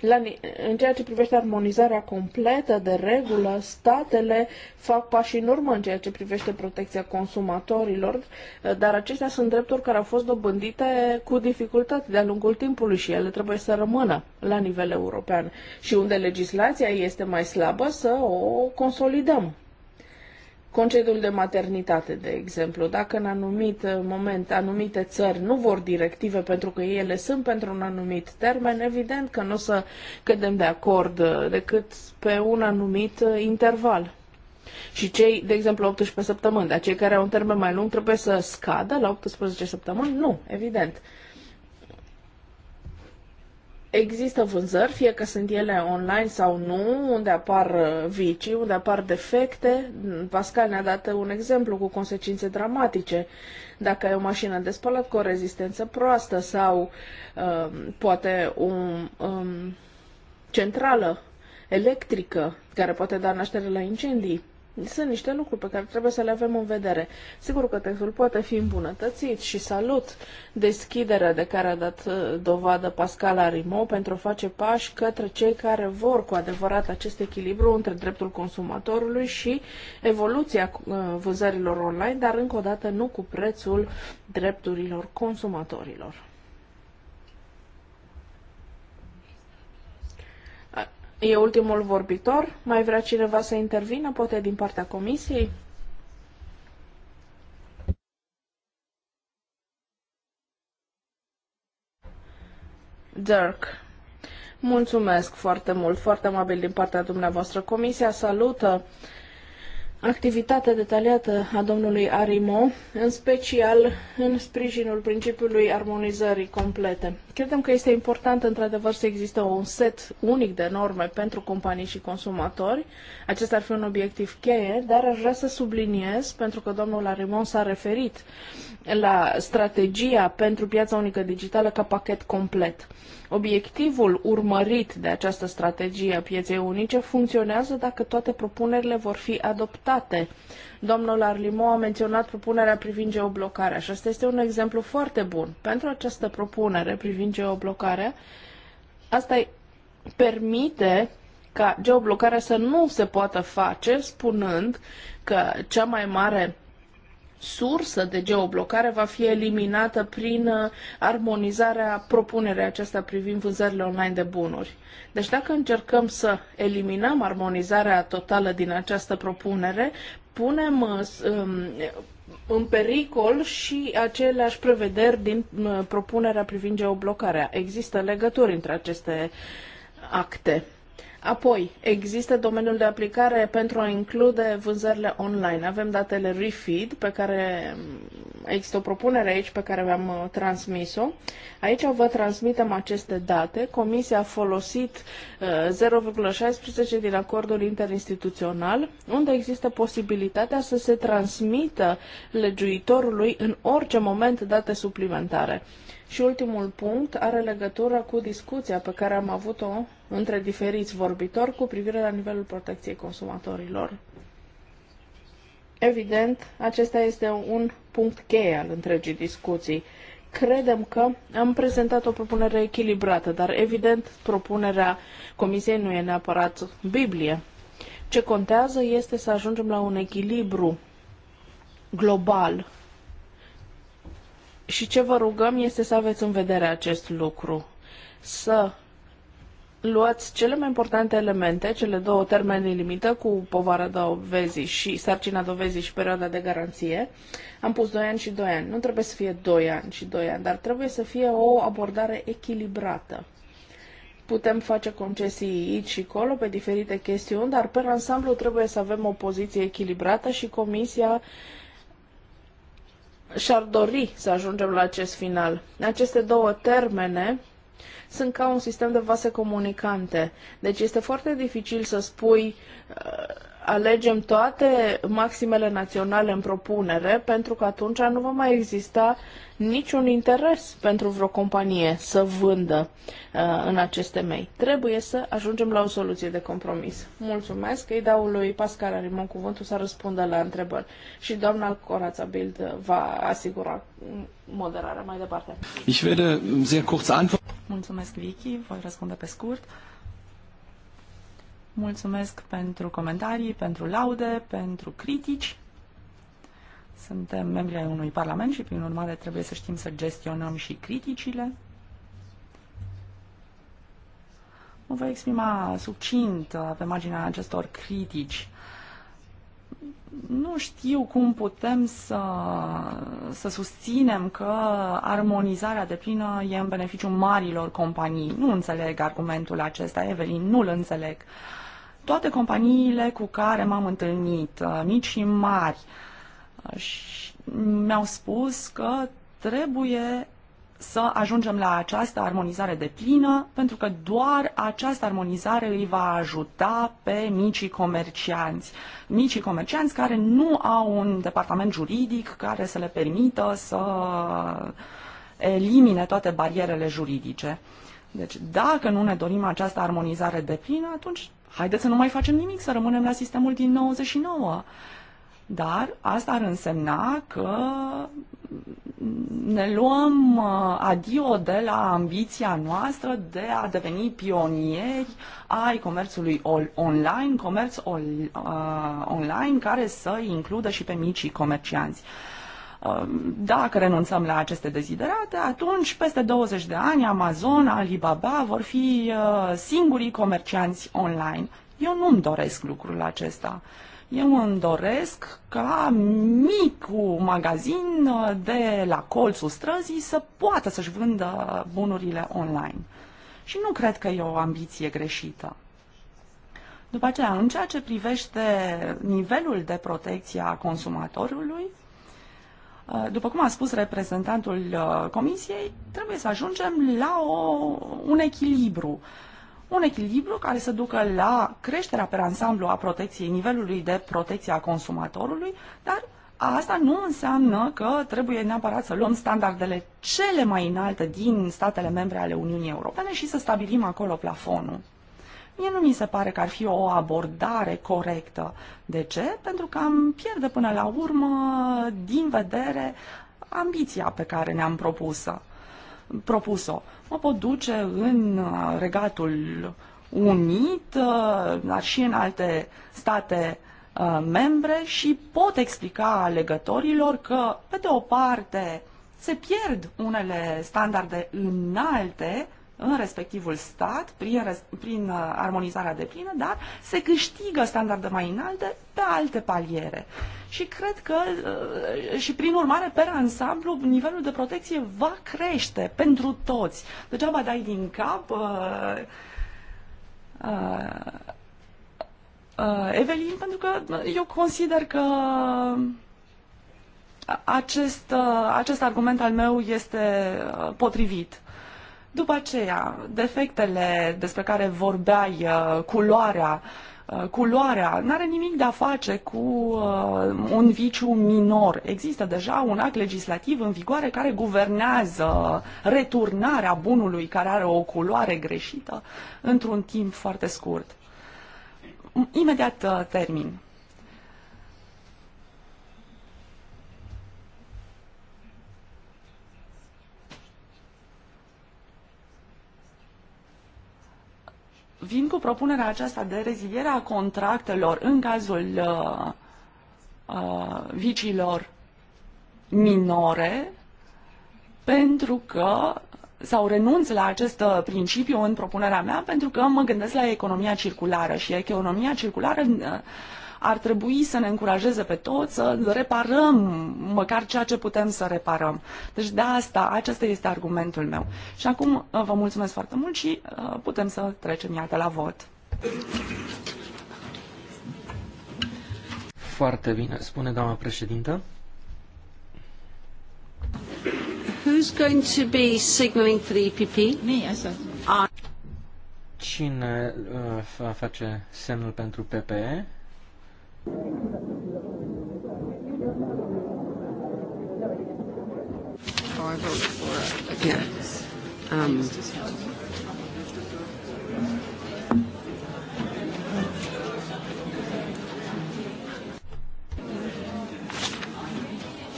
la, în ceea ce privește armonizarea completă de regulă, statele fac pași în urmă în ceea ce privește protecția consumatorilor, dar acestea sunt drepturi care au fost dobândite cu dificultate de-a lungul timpului și ele trebuie să rămână la nivel european. Și unde legislația este mai slabă, să o consolidăm Concediul de maternitate, de exemplu, dacă în anumit uh, moment anumite țări nu vor directive pentru că ele sunt pentru un anumit termen, evident că nu o să cădem de acord uh, decât pe un anumit uh, interval. Și cei, de exemplu, 18 săptămâni, dar cei care au un termen mai lung trebuie să scadă la 18 săptămâni? Nu, evident. Există vânzări, fie că sunt ele online sau nu, unde apar uh, vicii, unde apar defecte. Pascal ne-a dat un exemplu cu consecințe dramatice. Dacă ai o mașină de spălat cu o rezistență proastă sau uh, poate o um, centrală electrică care poate da naștere la incendii, sunt niște lucruri pe care trebuie să le avem în vedere. Sigur că textul poate fi îmbunătățit și salut deschiderea de care a dat uh, dovadă Pascal Arimo pentru a face pași către cei care vor cu adevărat acest echilibru între dreptul consumatorului și evoluția uh, vânzărilor online, dar încă o dată nu cu prețul drepturilor consumatorilor. E ultimul vorbitor. Mai vrea cineva să intervină, poate din partea comisiei? Dirk. Mulțumesc foarte mult, foarte amabil din partea dumneavoastră. Comisia salută uh, activitatea detaliată a domnului Arimo, în special în sprijinul principiului armonizării complete. Credem că este important, într-adevăr, să existe un set unic de norme pentru companii și consumatori. Acesta ar fi un obiectiv cheie, dar aș vrea să subliniez, pentru că domnul Arimo s-a referit la strategia pentru piața unică digitală ca pachet complet. Obiectivul urmărit de această strategie a pieței unice funcționează dacă toate propunerile vor fi adoptate. Domnul Arlimo a menționat propunerea privind geoblocarea și asta este un exemplu foarte bun. Pentru această propunere privind geoblocarea, asta permite ca geoblocarea să nu se poată face spunând că cea mai mare sursă de geoblocare va fi eliminată prin uh, armonizarea propunerii aceasta privind vânzările online de bunuri. Deci dacă încercăm să eliminăm armonizarea totală din această propunere, punem uh, um, în pericol și aceleași prevederi din uh, propunerea privind geoblocarea. Există legături între aceste acte. Apoi, există domeniul de aplicare pentru a include vânzările online. Avem datele refeed, pe care există o propunere aici pe care v-am uh, transmis-o. Aici vă transmitem aceste date. Comisia a folosit 0,16 uh, din acordul interinstituțional, unde există posibilitatea să se transmită legiuitorului în orice moment date suplimentare. Și ultimul punct are legătură cu discuția pe care am avut-o între diferiți vorbitori cu privire la nivelul protecției consumatorilor. Evident, acesta este un punct cheie al întregii discuții. Credem că am prezentat o propunere echilibrată, dar evident propunerea Comisiei nu e neapărat Biblie. Ce contează este să ajungem la un echilibru global. Și ce vă rugăm este să aveți în vedere acest lucru. Să luați cele mai importante elemente, cele două termeni limită cu povara dovezii și sarcina dovezii și perioada de garanție. Am pus 2 ani și 2 ani. Nu trebuie să fie 2 ani și 2 ani, dar trebuie să fie o abordare echilibrată. Putem face concesii aici și acolo pe diferite chestiuni, dar pe ansamblu trebuie să avem o poziție echilibrată și comisia și-ar dori să ajungem la acest final. Aceste două termene sunt ca un sistem de vase comunicante. Deci este foarte dificil să spui uh, alegem toate maximele naționale în propunere, pentru că atunci nu va mai exista niciun interes pentru vreo companie să vândă uh, în aceste mei. Trebuie să ajungem la o soluție de compromis. Mulțumesc, îi dau lui Pascal Arimon cuvântul să răspundă la întrebări și doamna Corața Bild va asigura moderarea mai departe. Ich werde um, sehr kurz Mulțumesc, Vicky, voi răspunde pe scurt. Mulțumesc pentru comentarii, pentru laude, pentru critici. Suntem membri ai unui parlament și, prin urmare, trebuie să știm să gestionăm și criticile. Mă voi exprima succint pe marginea acestor critici nu știu cum putem să, să susținem că armonizarea de plină e în beneficiu marilor companii. Nu înțeleg argumentul acesta, Evelyn, nu-l înțeleg. Toate companiile cu care m-am întâlnit, mici și mari, uh, mi-au spus că trebuie să ajungem la această armonizare de plină, pentru că doar această armonizare îi va ajuta pe micii comercianți. Micii comercianți care nu au un departament juridic care să le permită să elimine toate barierele juridice. Deci dacă nu ne dorim această armonizare de plină, atunci haideți să nu mai facem nimic, să rămânem la sistemul din 99. Dar asta ar însemna că ne luăm uh, adio de la ambiția noastră de a deveni pionieri ai comerțului online, comerț uh, online care să includă și pe micii comercianți. Uh, dacă renunțăm la aceste deziderate, atunci peste 20 de ani Amazon, Alibaba vor fi singurii comercianți online. Eu nu-mi doresc lucrul acesta. Eu îmi doresc ca micul magazin uh, de la colțul străzii să poată să-și vândă bunurile online. Și nu cred că e o ambiție greșită. După aceea, în ceea ce privește nivelul de protecție a consumatorului, uh, după cum a spus reprezentantul uh, Comisiei, trebuie să ajungem la o, un echilibru un echilibru care să ducă la creșterea pe ansamblu a protecției, nivelului de protecție a consumatorului, dar Asta nu înseamnă că trebuie neapărat să luăm standardele cele mai înalte din statele membre ale Uniunii Europene și să stabilim acolo plafonul. Mie nu mi se pare că ar fi o abordare corectă. De ce? Pentru că am pierde până la urmă din vedere ambiția pe care ne-am propusă propus-o. Mă pot duce în uh, Regatul Unit, uh, dar și în alte state uh, membre și pot explica alegătorilor că, pe de o parte, se pierd unele standarde înalte în respectivul stat prin, prin armonizarea de plină, dar se câștigă standarde mai înalte pe alte paliere și cred că uh, și prin urmare, pe ansamblu, nivelul de protecție va crește pentru toți. Degeaba dai din cap uh, uh, uh, Evelin, pentru că eu consider că acest, uh, acest argument al meu este uh, potrivit. După aceea, defectele despre care vorbeai, uh, culoarea, uh, Uh, culoarea nu are nimic de a face cu uh, un viciu minor. Există deja un act legislativ în vigoare care guvernează returnarea bunului care are o culoare greșită într-un timp foarte scurt. Imediat uh, termin. propunerea aceasta de reziliere a contractelor în cazul uh, uh, vicilor minore, pentru că sau renunț la acest uh, principiu în propunerea mea pentru că mă gândesc la economia circulară și economia circulară uh, ar trebui să ne încurajeze pe toți să reparăm măcar ceea ce putem să reparăm. Deci de asta, acesta este argumentul meu. Și acum uh, vă mulțumesc foarte mult și uh, putem să trecem iată la vot. Foarte bine, spune doamna președintă. Who's going to be signaling for the EPP? Me, I said. Cine uh, face semnul pentru PPE? Oh, I vote for it. Yeah. Um,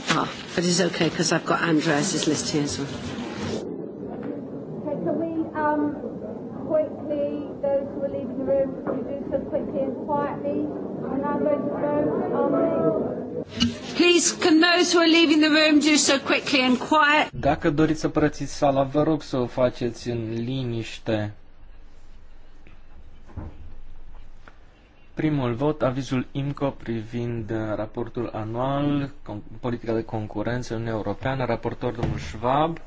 ah, but it's okay because I've got Andreas's list here as so. well. who are leaving the room, do so quickly and quiet. Dacă doriți să părăsiți sala, vă rog să o faceți în liniște. Primul vot, avizul IMCO privind uh, raportul anual, politica de concurență în Uniunea Europeană, raportor domnul Schwab.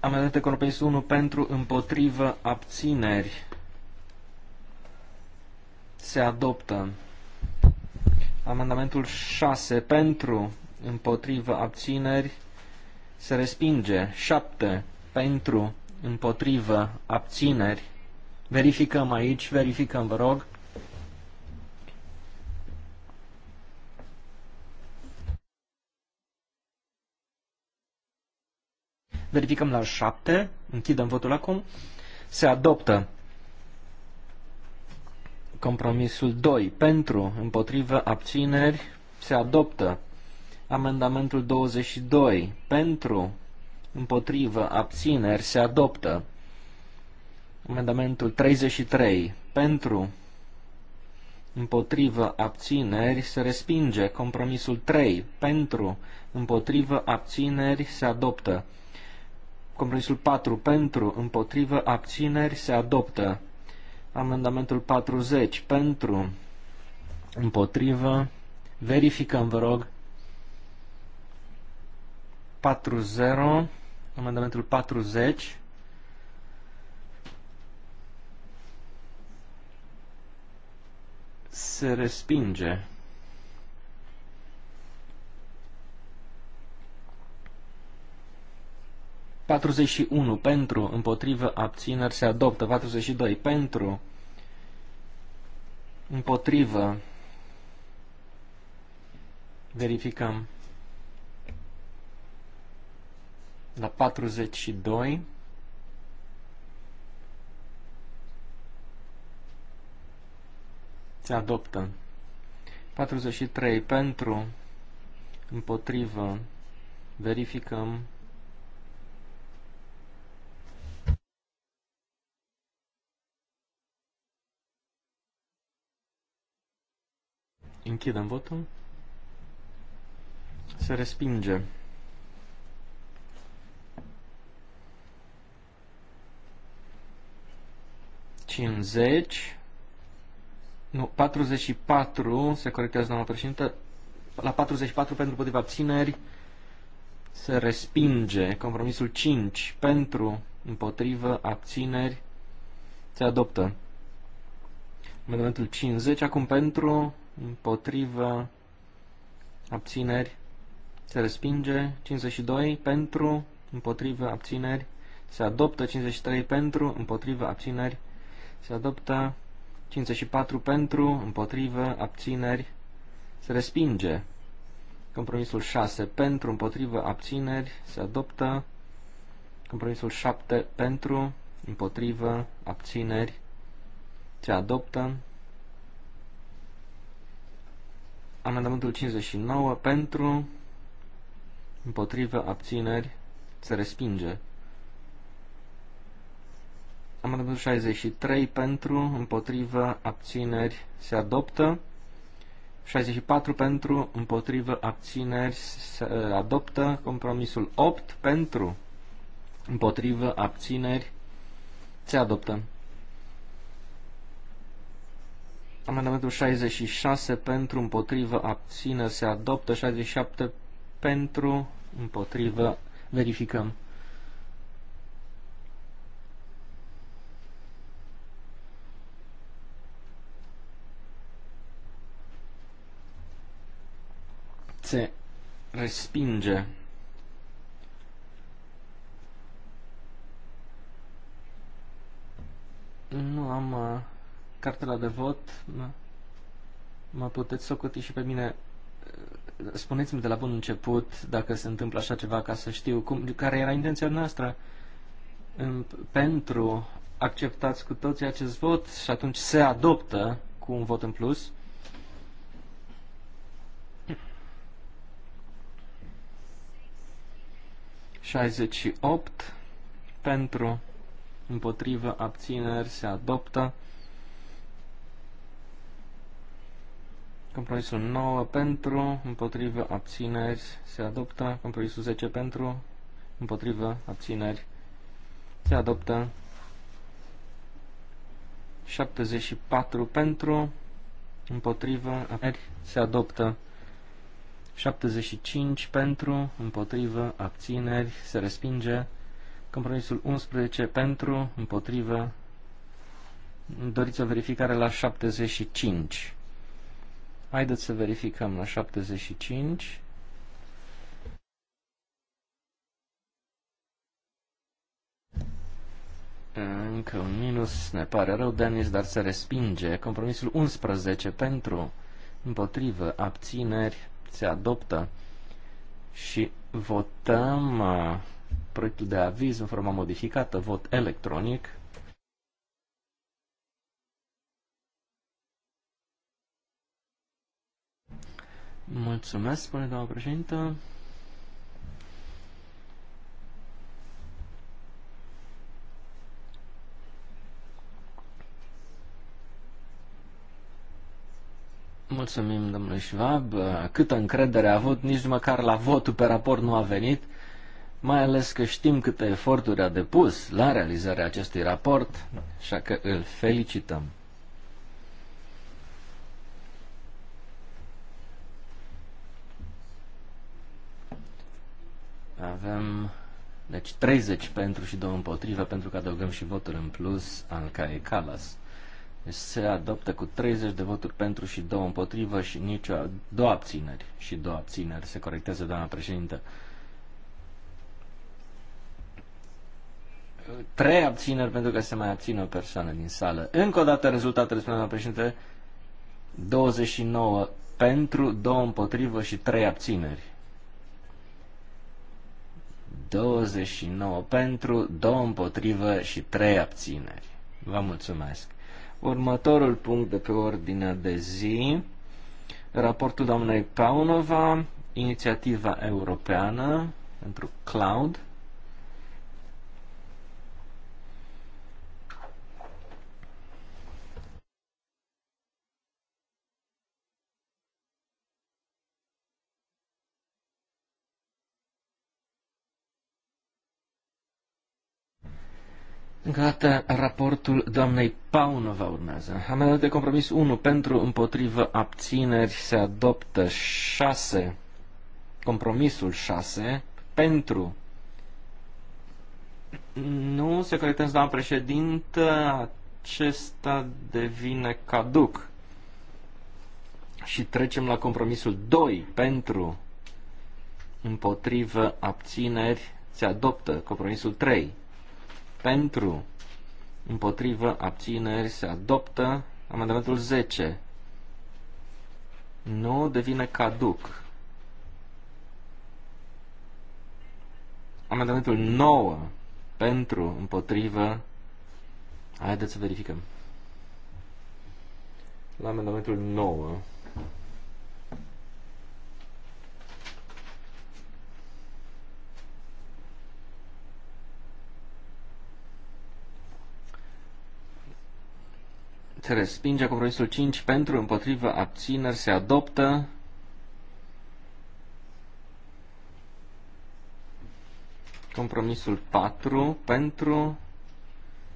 Amendamente Corpes 1 pentru împotrivă abțineri. Se adoptă. Amendamentul 6 pentru, împotrivă, abțineri, se respinge. 7 pentru, împotrivă, abțineri. Verificăm aici, verificăm, vă rog. Verificăm la 7, închidem votul acum. Se adoptă Compromisul 2. Pentru, împotrivă, abțineri, se adoptă. Amendamentul 22. Pentru, împotrivă, abțineri, se adoptă. Amendamentul 33. Pentru, împotrivă, abțineri, se respinge. Compromisul 3. Pentru, împotrivă, abțineri, se adoptă. Compromisul 4. Pentru, împotrivă, abțineri, se adoptă. Amendamentul 40 pentru, împotrivă, verificăm, vă rog, 40, amendamentul 40. Se respinge. 41 pentru, împotrivă, abțineri se adoptă. 42 pentru, împotrivă, verificăm. La 42. Se adoptă. 43 pentru, împotrivă, verificăm. Închidem votul. Se respinge. Cincizeci. Nu, 44, se corectează doamna președintă, la 44 pentru potriva abțineri se respinge. Compromisul 5 pentru împotrivă abțineri se adoptă. Amendamentul 50 acum pentru împotrivă, abțineri, se respinge. 52 pentru, împotrivă, abțineri, se adoptă. 53 pentru, împotrivă, abțineri, se adoptă. 54 pentru, împotrivă, abțineri, se respinge. Compromisul 6 pentru, împotrivă, abțineri, se adoptă. Compromisul 7 pentru, împotrivă, abțineri, se adoptă. Amendamentul 59 pentru, împotrivă, abțineri, se respinge. Amendamentul 63 pentru, împotrivă, abțineri, se adoptă. 64 pentru, împotrivă, abțineri, se adoptă. Compromisul 8 pentru, împotrivă, abțineri, se adoptă. Amendamentul 66 pentru, împotrivă, abțineri se adoptă. 67 pentru, împotrivă, verificăm. se respinge. Nu am uh, cartela de vot, mă puteți socoti și pe mine. Spuneți-mi de la bun început dacă se întâmplă așa ceva ca să știu cum, care era intenția noastră în, pentru acceptați cu toții acest vot și atunci se adoptă cu un vot în plus. Șaizeci opt pentru împotrivă abțineri se adoptă. Compromisul 9 pentru, împotrivă, abțineri, se adoptă. Compromisul 10 pentru, împotrivă, abțineri, se adoptă. 74 pentru, împotrivă, abțineri, se adoptă. 75 pentru, împotrivă, abțineri, se respinge. Compromisul 11 pentru, împotrivă. Doriți o verificare la 75. Haideți să verificăm la 75. Încă un minus, ne pare rău, Denis, dar se respinge. Compromisul 11 pentru, împotrivă, abțineri, se adoptă și votăm uh, proiectul de aviz în forma modificată, vot electronic. Mulțumesc, spune doamna președintă. Mulțumim, domnule Schwab. Câtă încredere a avut, nici măcar la votul pe raport nu a venit, mai ales că știm câte eforturi a depus la realizarea acestui raport, așa că îl felicităm. Avem deci 30 pentru și 2 împotriva, pentru că adăugăm și votul în plus al care Calas. Deci se adoptă cu 30 de voturi pentru și 2 împotrivă și nicio, două abțineri și două abțineri, se corectează doamna președintă. Trei abțineri pentru că se mai abține o persoană din sală. Încă o dată rezultatele, spune doamna președinte, 29 pentru, 2 împotrivă și 3 abțineri. 29 pentru, 2 împotrivă și 3 abțineri. Vă mulțumesc. Următorul punct de pe ordinea de zi, raportul doamnei Paunova, inițiativa europeană pentru cloud. Gata, raportul doamnei Paunova urmează. Amendament de compromis 1 pentru împotrivă abțineri se adoptă 6. Compromisul 6 pentru. Nu, se secretez, doamnă președintă, acesta devine caduc. Și trecem la compromisul 2 pentru împotrivă abțineri se adoptă compromisul 3 pentru, împotrivă, abțineri, se adoptă. Amendamentul 10 nu devine caduc. Amendamentul 9 pentru, împotrivă, haideți să verificăm. La amendamentul 9. se respinge. Compromisul 5 pentru, împotrivă, abțineri se adoptă. Compromisul 4 pentru,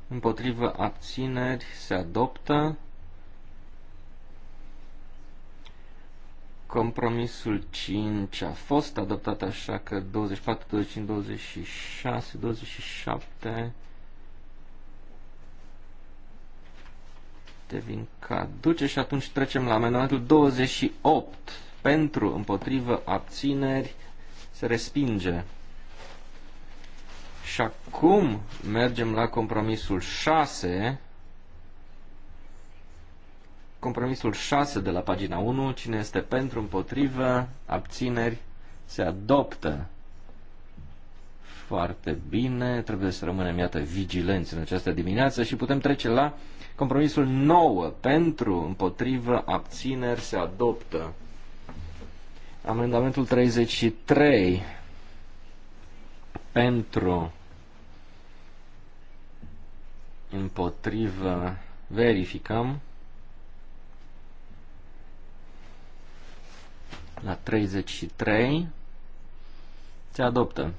împotrivă, abțineri se adoptă. Compromisul 5 a fost adoptat așa că 24, 25, 26, 27 devin caduce și atunci trecem la amendamentul 28. Pentru, împotrivă, abțineri, se respinge. Și acum mergem la compromisul 6. Compromisul 6 de la pagina 1. Cine este pentru, împotrivă, abțineri, se adoptă. Foarte bine, trebuie să rămânem, iată, vigilenți în această dimineață și putem trece la Compromisul 9 pentru, împotrivă, abțineri se adoptă. Amendamentul 33 pentru, împotrivă, verificăm. La 33 se adoptă.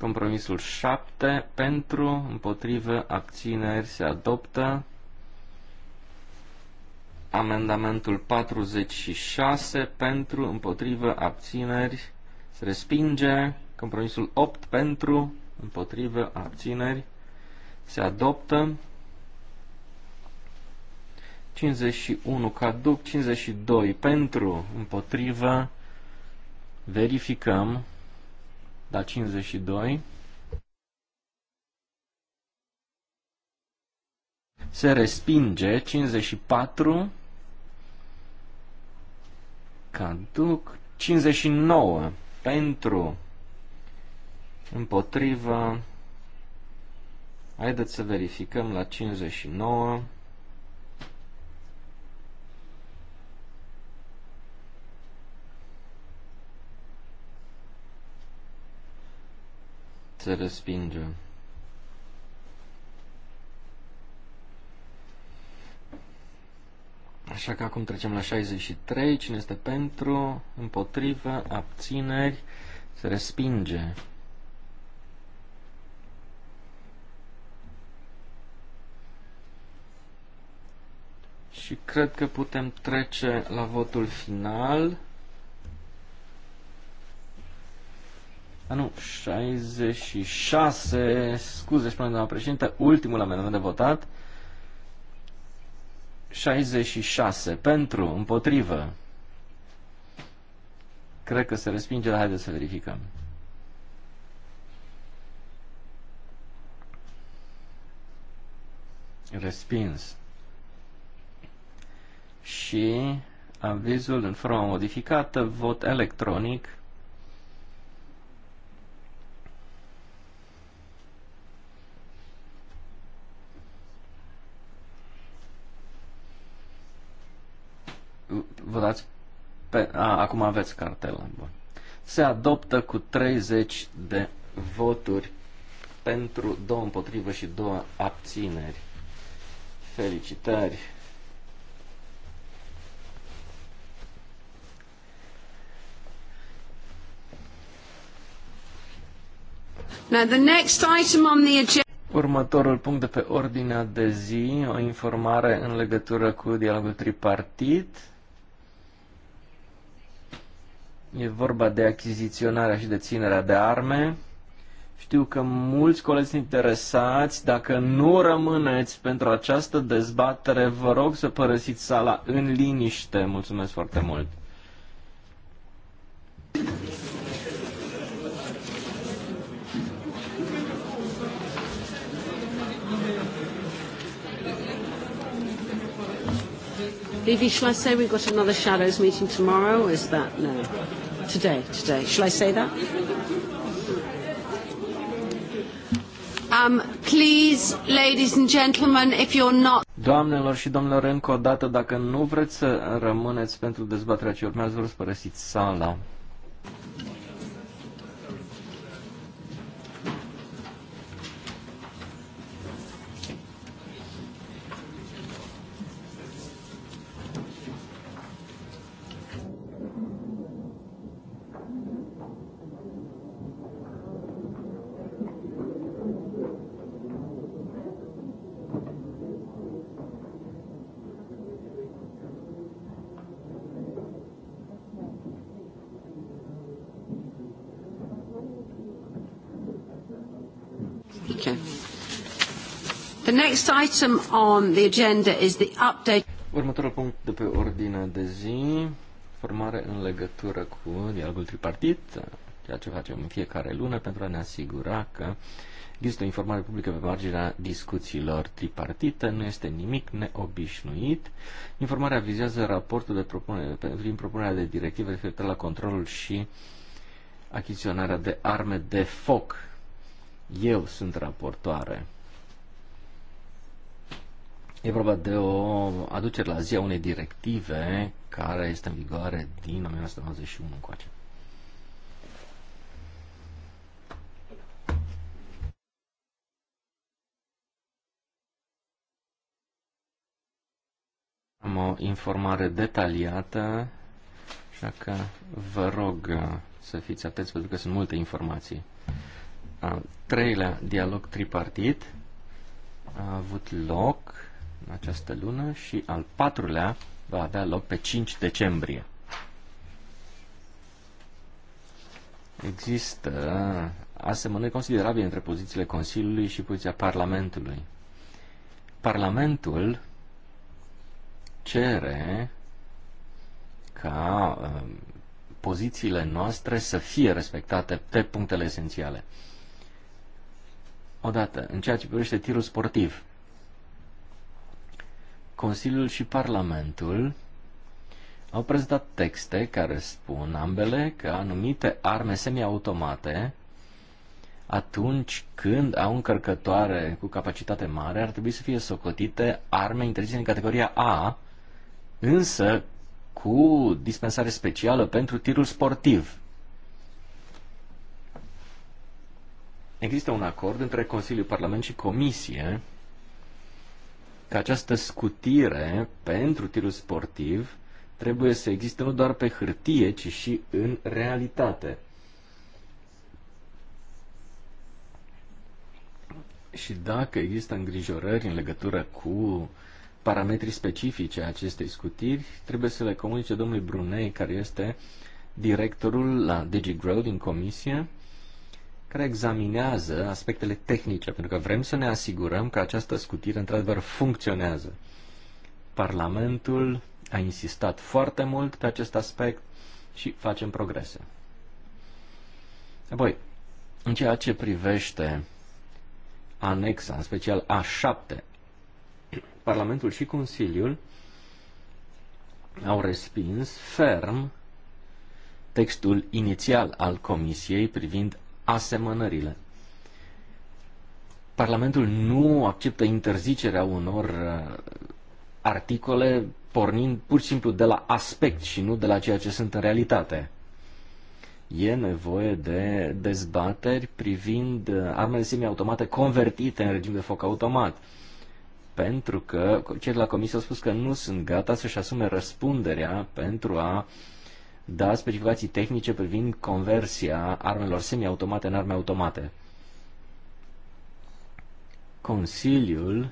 Compromisul 7 pentru, împotrivă, abțineri se adoptă. Amendamentul 46 pentru, împotrivă, abțineri se respinge. Compromisul 8 pentru, împotrivă, abțineri se adoptă. 51 caduc, 52 pentru, împotrivă, verificăm da 52 se respinge 54 Cantuc 59 pentru împotriva haideți să verificăm la 59 se respinge. Așa că acum trecem la 63. Cine este pentru, împotrivă, abțineri, se respinge. Și cred că putem trece la votul final. A, nu, 66, scuze, spune doamna președinte, ultimul amendament de votat. 66, pentru, împotrivă. Cred că se respinge, dar haideți să verificăm. Respins. Și avizul în formă modificată, vot electronic, Pe, a, acum aveți cartela. Bun. Se adoptă cu 30 de voturi pentru, două împotrivă și două abțineri. Felicitări! Now the next item on the agenda Următorul punct de pe ordinea de zi, o informare în legătură cu dialogul tripartit. E vorba de achiziționarea și deținerea de arme. Știu că mulți colegi sunt interesați. Dacă nu rămâneți pentru această dezbatere, vă rog să părăsiți sala în liniște. Mulțumesc foarte mult! Evie, shall I say we've got another shadows meeting tomorrow? Is that no? today, today. Shall I say that? Um, please, ladies and gentlemen, if you're not... Doamnelor și domnilor, încă o dată, dacă nu vreți să rămâneți pentru dezbaterea ce urmează, vă părăsiți sala. next item on the agenda is the update. Următorul punct de pe ordinea de zi, formare în legătură cu dialogul tripartit, ceea ce facem în fiecare lună pentru a ne asigura că există o informare publică pe marginea discuțiilor tripartite, nu este nimic neobișnuit. Informarea vizează raportul de propunere, prin propunerea de directivă referitor la controlul și achiziționarea de arme de foc. Eu sunt raportoare. E vorba de o aducere la zi a unei directive care este în vigoare din 1991 încoace. Am o informare detaliată, așa că vă rog uh, să fiți atenți pentru că sunt multe informații. Al uh, treilea dialog tripartit a avut loc în această lună și al patrulea va avea loc pe 5 decembrie. Există asemănări considerabile între pozițiile Consiliului și poziția Parlamentului. Parlamentul cere ca um, pozițiile noastre să fie respectate pe punctele esențiale. Odată, în ceea ce privește tirul sportiv, Consiliul și Parlamentul au prezentat texte care spun ambele că anumite arme semiautomate, atunci când au încărcătoare cu capacitate mare, ar trebui să fie socotite arme interzise în categoria A, însă cu dispensare specială pentru tirul sportiv. Există un acord între Consiliul Parlament și Comisie că această scutire pentru tirul sportiv trebuie să existe nu doar pe hârtie, ci și în realitate. Și dacă există îngrijorări în legătură cu parametrii specifice acestei scutiri, trebuie să le comunice domnului Brunei, care este directorul la DigiGrow din comisie, care examinează aspectele tehnice, pentru că vrem să ne asigurăm că această scutire într-adevăr funcționează. Parlamentul a insistat foarte mult pe acest aspect și facem progrese. Apoi, în ceea ce privește anexa, în special A7, Parlamentul și Consiliul au respins ferm textul inițial al Comisiei privind asemănările. Parlamentul nu acceptă interzicerea unor uh, articole pornind pur și simplu de la aspect și nu de la ceea ce sunt în realitate. E nevoie de dezbateri privind uh, armele semiautomate convertite în regim de foc automat. Pentru că cei de la Comisie au spus că nu sunt gata să-și asume răspunderea pentru a uh, da specificații tehnice privind conversia armelor semi-automate în arme automate. Consiliul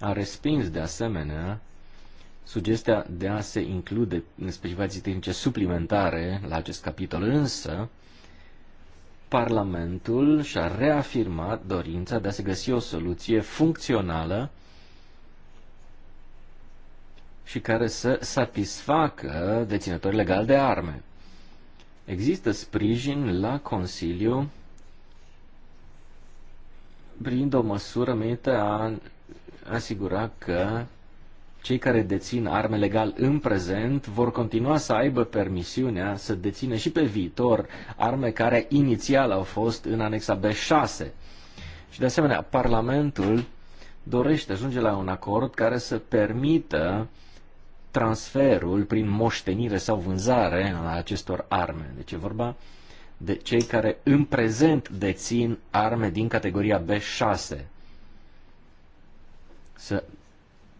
a respins de asemenea sugestia de a se include în specificații tehnice suplimentare la acest capitol, însă Parlamentul și-a reafirmat dorința de a se găsi o soluție funcțională și care să satisfacă deținători legal de arme. Există sprijin la Consiliu prin o măsură menită a asigura că cei care dețin arme legal în prezent vor continua să aibă permisiunea să dețină și pe viitor arme care inițial au fost în anexa B6. Și de asemenea, Parlamentul dorește ajunge la un acord care să permită transferul prin moștenire sau vânzare a acestor arme. Deci e vorba de cei care în prezent dețin arme din categoria B6 să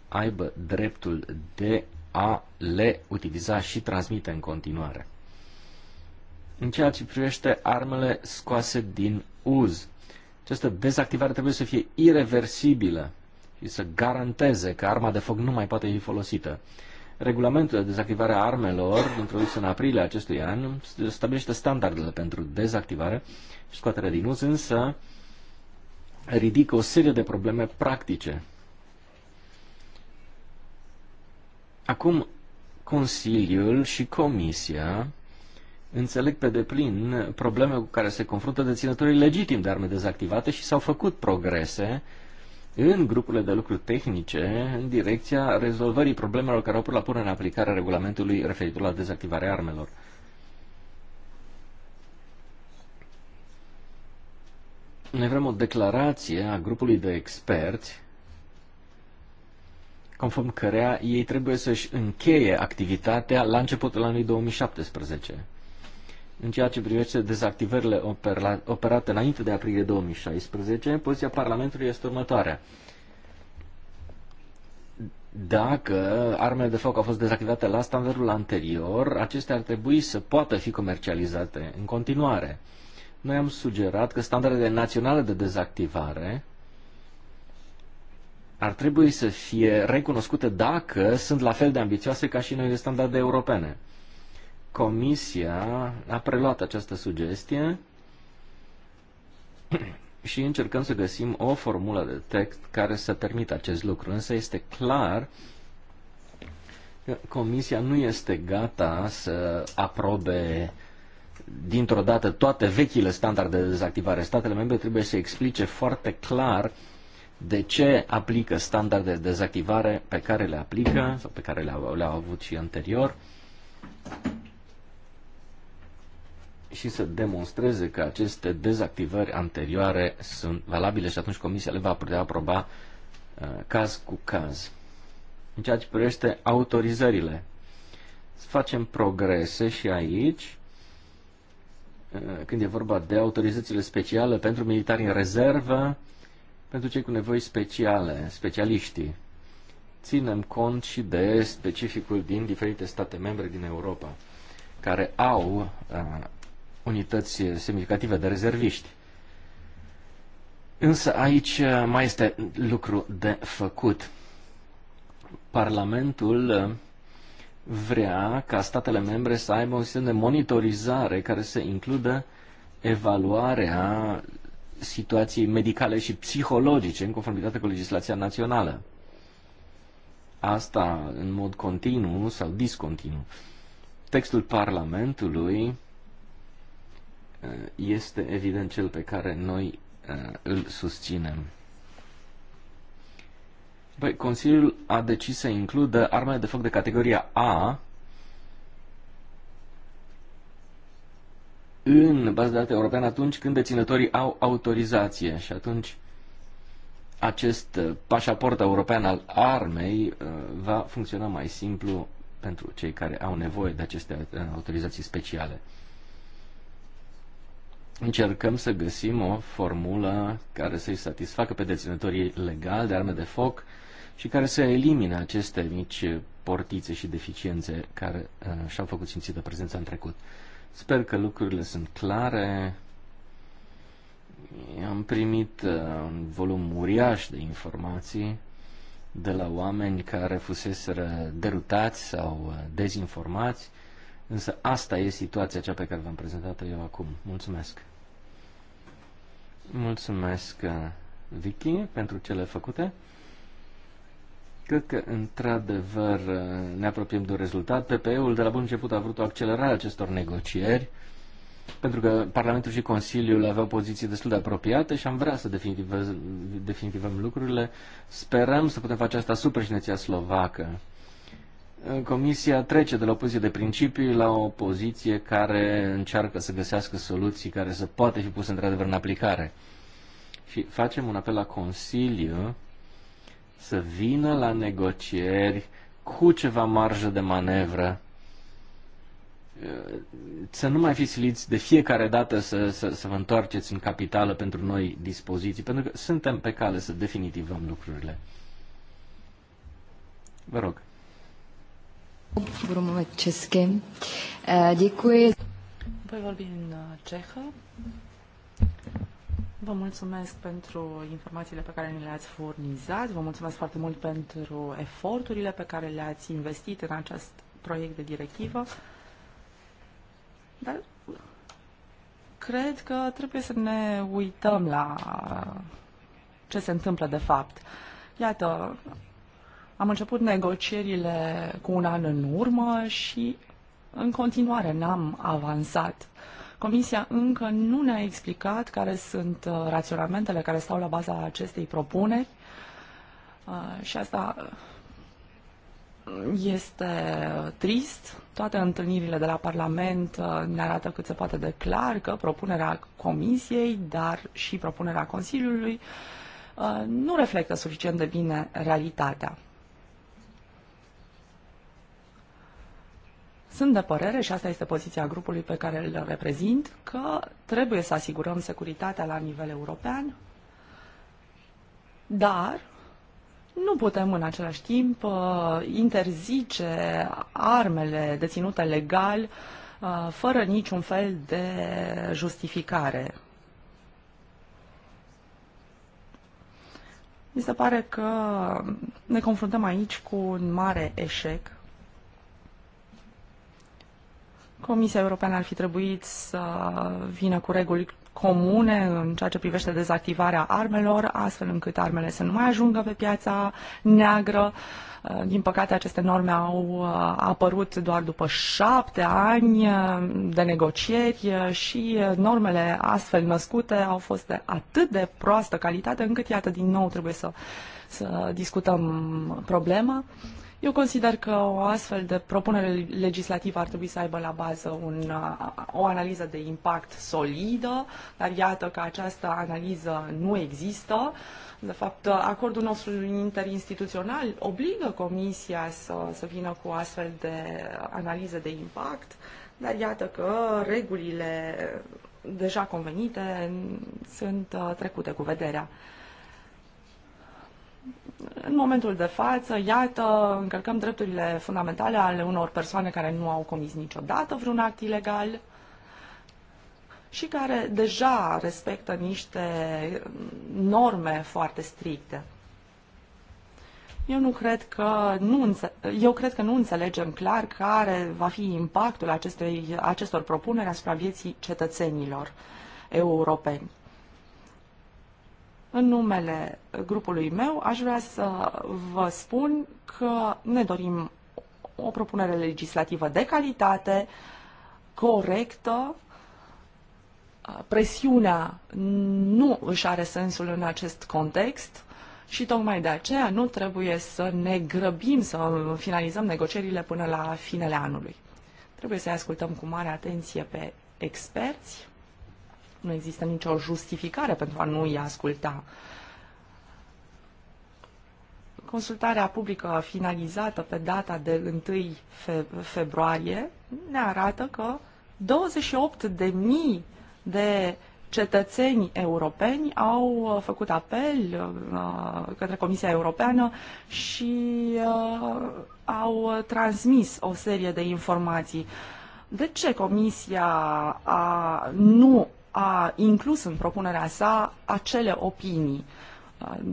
aibă dreptul de a le utiliza și transmite în continuare. În ceea ce privește armele scoase din uz, această dezactivare trebuie să fie irreversibilă și să garanteze că arma de foc nu mai poate fi folosită. Regulamentul de dezactivare a armelor, introdus în aprilie acestui an, stabilește standardele pentru dezactivare și scoaterea din uz, însă ridică o serie de probleme practice. Acum, Consiliul și Comisia înțeleg pe deplin probleme cu care se confruntă deținătorii legitimi de arme dezactivate și s-au făcut progrese uh, în grupurile de lucru tehnice în direcția rezolvării problemelor care au până la până în aplicarea regulamentului referitor la dezactivarea armelor. Noi vrem o declarație a grupului de experți conform cărea ei trebuie să-și încheie activitatea la începutul anului 2017 în ceea ce privește dezactivările operate înainte de aprilie 2016, poziția Parlamentului este următoarea. Dacă armele de foc au fost dezactivate la standardul anterior, acestea ar trebui să poată fi comercializate în continuare. Noi am sugerat că standardele naționale de dezactivare ar trebui să fie recunoscute dacă sunt la fel de ambițioase ca și noile standarde europene. Comisia a preluat această sugestie și încercăm să găsim o formulă de text care să permită acest lucru. Însă este clar că Comisia nu este gata să aprobe dintr-o dată toate vechile standarde de dezactivare. Statele membre trebuie să explice foarte clar de ce aplică standarde de dezactivare pe care le aplică sau pe care le-au, le-au avut și anterior și să demonstreze că aceste dezactivări anterioare sunt valabile și atunci comisia le va putea aproba uh, caz cu caz. În ceea ce privește autorizările, facem progrese și aici uh, când e vorba de autorizațiile speciale pentru militari în rezervă, pentru cei cu nevoi speciale, specialiștii. Ținem cont și de specificul din diferite state membre din Europa care au uh, unități semnificative de rezerviști. Însă aici mai este lucru de făcut. Parlamentul vrea ca statele membre să aibă un sistem de monitorizare care să includă evaluarea situației medicale și psihologice în conformitate cu legislația națională. Asta în mod continuu sau discontinu. Textul Parlamentului Eh, este evident cel pe care noi eh, îl susținem. Păi, Consiliul a decis să includă armele de foc de categoria A în baza de date europeană atunci când deținătorii au autorizație și atunci acest eh, pașaport european al armei va funcționa mai simplu pentru cei care au nevoie de aceste autorizații speciale încercăm să găsim o formulă care să-i satisfacă pe deținătorii legali de arme de foc și care să elimine aceste mici portițe și deficiențe care uh, și-au făcut simțită prezența în trecut. Sper că lucrurile sunt clare. Am primit uh, un volum uriaș de informații de la oameni care fuseseră derutați sau uh, dezinformați Însă asta e situația cea pe care v-am prezentat-o eu acum. Mulțumesc! Mulțumesc, uh, Vicky, pentru cele făcute. Cred că, într-adevăr, uh, ne apropiem de un rezultat. PPE-ul de la bun început a vrut o accelerare a acestor negocieri, pentru că Parlamentul și Consiliul aveau poziții destul de apropiate și am vrea să definitivăm, definitivăm lucrurile. Sperăm să putem face asta sub președinția slovacă. Comisia trece de la o poziție de principii la o poziție care încearcă să găsească soluții care să poate fi puse într-adevăr în aplicare. Și facem un apel la Consiliu să vină la negocieri cu ceva marjă de manevră, să nu mai fiți siliți de fiecare dată să, să, să vă întoarceți în capitală pentru noi dispoziții, pentru că suntem pe cale să definitivăm lucrurile. Vă rog. Budu mluvit česky. Eh, děkuji. Voi vorbi în eh, cehă. Vă mulțumesc pentru informațiile pe care ni le-ați furnizat, vă mulțumesc foarte mult pentru eforturile pe care le-ați investit în acest proiect de directivă. Dar cred că trebuie să ne uităm la ce se întâmplă de fapt. Iată, am început negocierile cu un an în urmă și în continuare n-am avansat. Comisia încă nu ne-a explicat care sunt uh, raționamentele care stau la baza acestei propuneri uh, și asta uh, este trist. Toate întâlnirile de la Parlament ne arată cât se poate de clar că propunerea Comisiei, dar și propunerea Consiliului nu reflectă suficient de bine realitatea. Sunt de părere, și asta este poziția grupului pe care îl reprezint, că trebuie să asigurăm securitatea la nivel european, dar nu putem în același timp uh, interzice armele deținute legal uh, fără niciun fel de justificare. Mi se pare că ne confruntăm aici cu un mare eșec Comisia Europeană ar fi trebuit să vină cu reguli comune în ceea ce privește dezactivarea armelor, astfel încât armele să nu mai ajungă pe piața neagră. Uh, din păcate, aceste norme au uh, apărut doar după șapte ani uh, de negocieri și normele astfel născute au fost de atât de proastă calitate încât, iată, din nou trebuie să, să discutăm problema. Eu consider că o astfel de propunere legislativă ar trebui să aibă la bază un, o analiză de impact solidă, dar iată că această analiză nu există. De fapt, acordul nostru interinstituțional obligă Comisia să, să vină cu astfel de analiză de impact, dar iată că regulile deja convenite sunt uh, trecute cu vederea în momentul de față, iată, încălcăm drepturile fundamentale ale unor persoane care nu au comis niciodată vreun act ilegal și care deja respectă niște norme foarte stricte. Eu nu cred că nu eu cred că nu înțelegem clar care va fi impactul acestei, acestor propuneri asupra vieții cetățenilor europeni. În numele grupului meu aș vrea să vă spun că ne dorim o propunere legislativă de calitate, corectă, presiunea nu își are sensul în acest context și tocmai de aceea nu trebuie să ne grăbim să finalizăm negocierile până la finele anului. Trebuie să-i ascultăm cu mare atenție pe experți nu există nicio justificare pentru a nu-i asculta. Consultarea publică finalizată pe data de 1 fe februarie ne arată că 28.000 de cetățeni europeni au uh, făcut apel uh, către Comisia Europeană și uh, au transmis o serie de informații. De ce Comisia a, nu a inclus în propunerea sa acele opinii.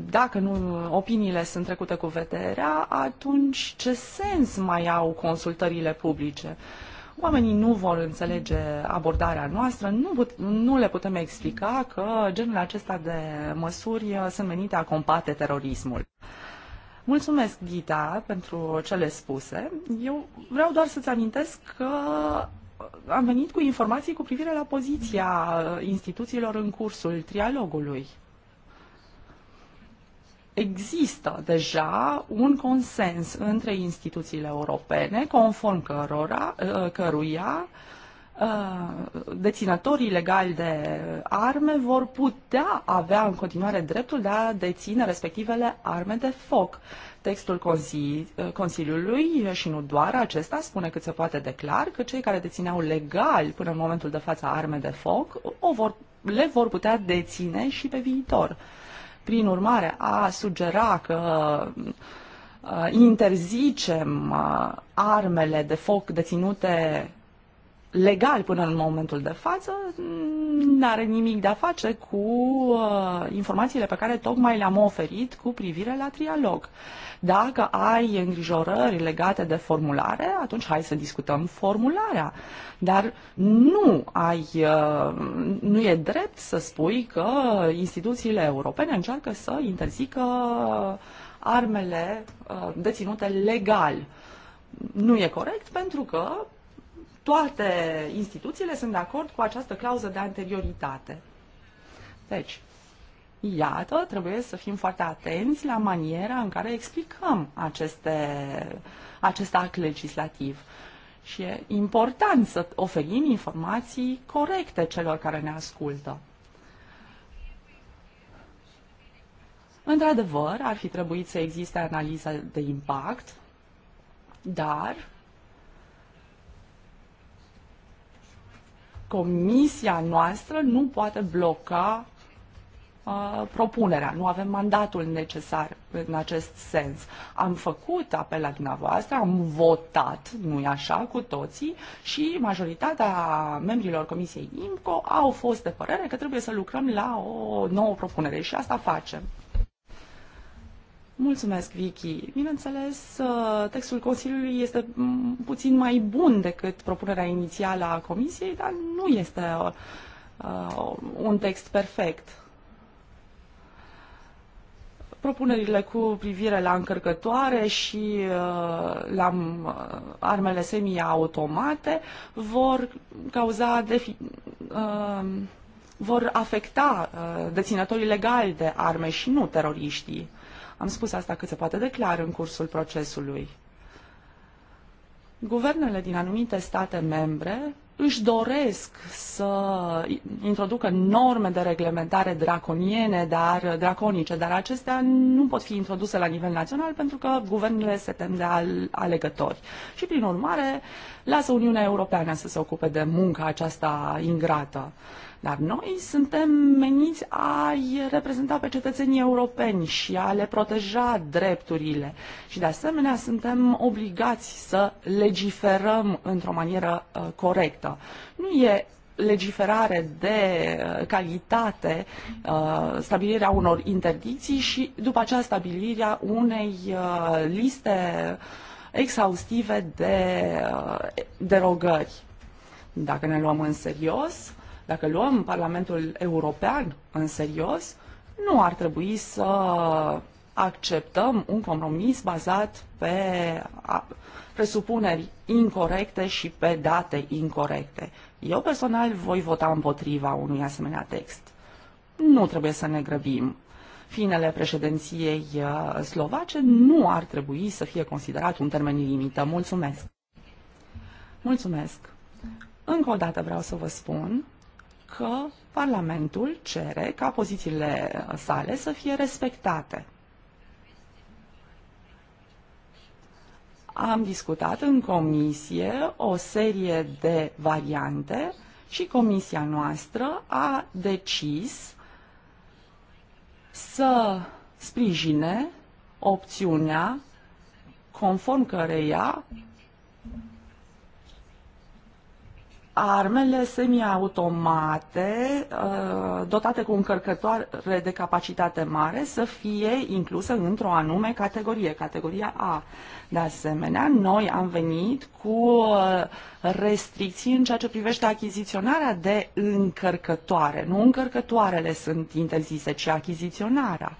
Dacă nu, opiniile sunt trecute cu vederea, atunci ce sens mai au consultările publice? Oamenii nu vor înțelege abordarea noastră, nu, put, nu le putem explica că genul acesta de măsuri sunt menite a combate terorismul. Mulțumesc, Dita, pentru cele spuse. Eu vreau doar să-ți amintesc că am venit cu informații cu privire la poziția uh, instituțiilor în cursul trialogului. Există deja un consens între instituțiile europene, conform cărora, uh, căruia uh, Uh, deținătorii legali de arme vor putea avea în continuare dreptul de a deține respectivele arme de foc. Textul consili uh, Consiliului și nu doar acesta spune cât se poate declar că cei care dețineau legal până în momentul de față arme de foc o vor, le vor putea deține și pe viitor. Prin urmare, a sugera că uh, interzicem armele de foc deținute legal până în momentul de față, nu are nimic de a face cu uh, informațiile pe care tocmai le-am oferit cu privire la trialog. Dacă ai îngrijorări legate de formulare, atunci hai să discutăm formularea. Dar nu ai, uh, nu e drept să spui că instituțiile europene încearcă să interzică uh, armele uh, deținute legal. Nu e corect pentru că toate instituțiile sunt de acord cu această clauză de anterioritate. Deci, iată, trebuie să fim foarte atenți la maniera în care explicăm aceste, acest act legislativ. Și e important să oferim informații corecte celor care ne ascultă. Într-adevăr, ar fi trebuit să existe analiza de impact, dar comisia noastră nu poate bloca uh, propunerea. Nu avem mandatul necesar în acest sens. Am făcut apel la dumneavoastră, am votat, nu-i așa, cu toții și majoritatea membrilor Comisiei IMCO au fost de părere că trebuie să lucrăm la o nouă propunere și asta facem. Mulțumesc, Vicky. Bineînțeles, ă, textul Consiliului este puțin mai bun decât propunerea inițială a Comisiei, dar nu este uh, un text perfect. Propunerile cu privire la încărcătoare și uh, la armele semi-automate vor cauza defi- uh, vor afecta uh, deținătorii legali de arme și nu teroriștii. Am spus asta cât se poate de clar în cursul procesului. Guvernele din anumite state membre își doresc să introducă norme de reglementare draconiene, dar draconice, dar acestea nu pot fi introduse la nivel național pentru că guvernele se tem de al, alegători. Și prin urmare, lasă Uniunea Europeană să se ocupe de munca aceasta ingrată. Uh, dar noi suntem meniți a-i reprezenta pe cetățenii europeni și a le proteja drepturile. Și de asemenea suntem obligați să legiferăm într-o manieră uh, corectă. Nu e legiferare de uh, calitate, uh, stabilirea unor interdicții și după aceea stabilirea unei uh, liste exhaustive de derogări. Dacă ne luăm în serios, dacă luăm Parlamentul European în serios, nu ar trebui să acceptăm un compromis bazat pe presupuneri incorrecte și pe date incorrecte. Eu personal voi vota împotriva unui asemenea text. Nu trebuie să ne grăbim. Finele președinției uh, slovace nu ar trebui să fie considerat un termen limită. Mulțumesc! Mulțumesc! Încă o dată vreau să vă spun că Parlamentul cere ca pozițiile sale să fie respectate. Am discutat în comisie o serie de variante și comisia noastră a decis să sprijine opțiunea conform căreia armele semiautomate uh, dotate cu încărcătoare de capacitate mare să fie incluse într-o anume categorie, categoria A. De asemenea, noi am venit cu uh, restricții în ceea ce privește achiziționarea de încărcătoare. Nu încărcătoarele sunt interzise, ci achiziționarea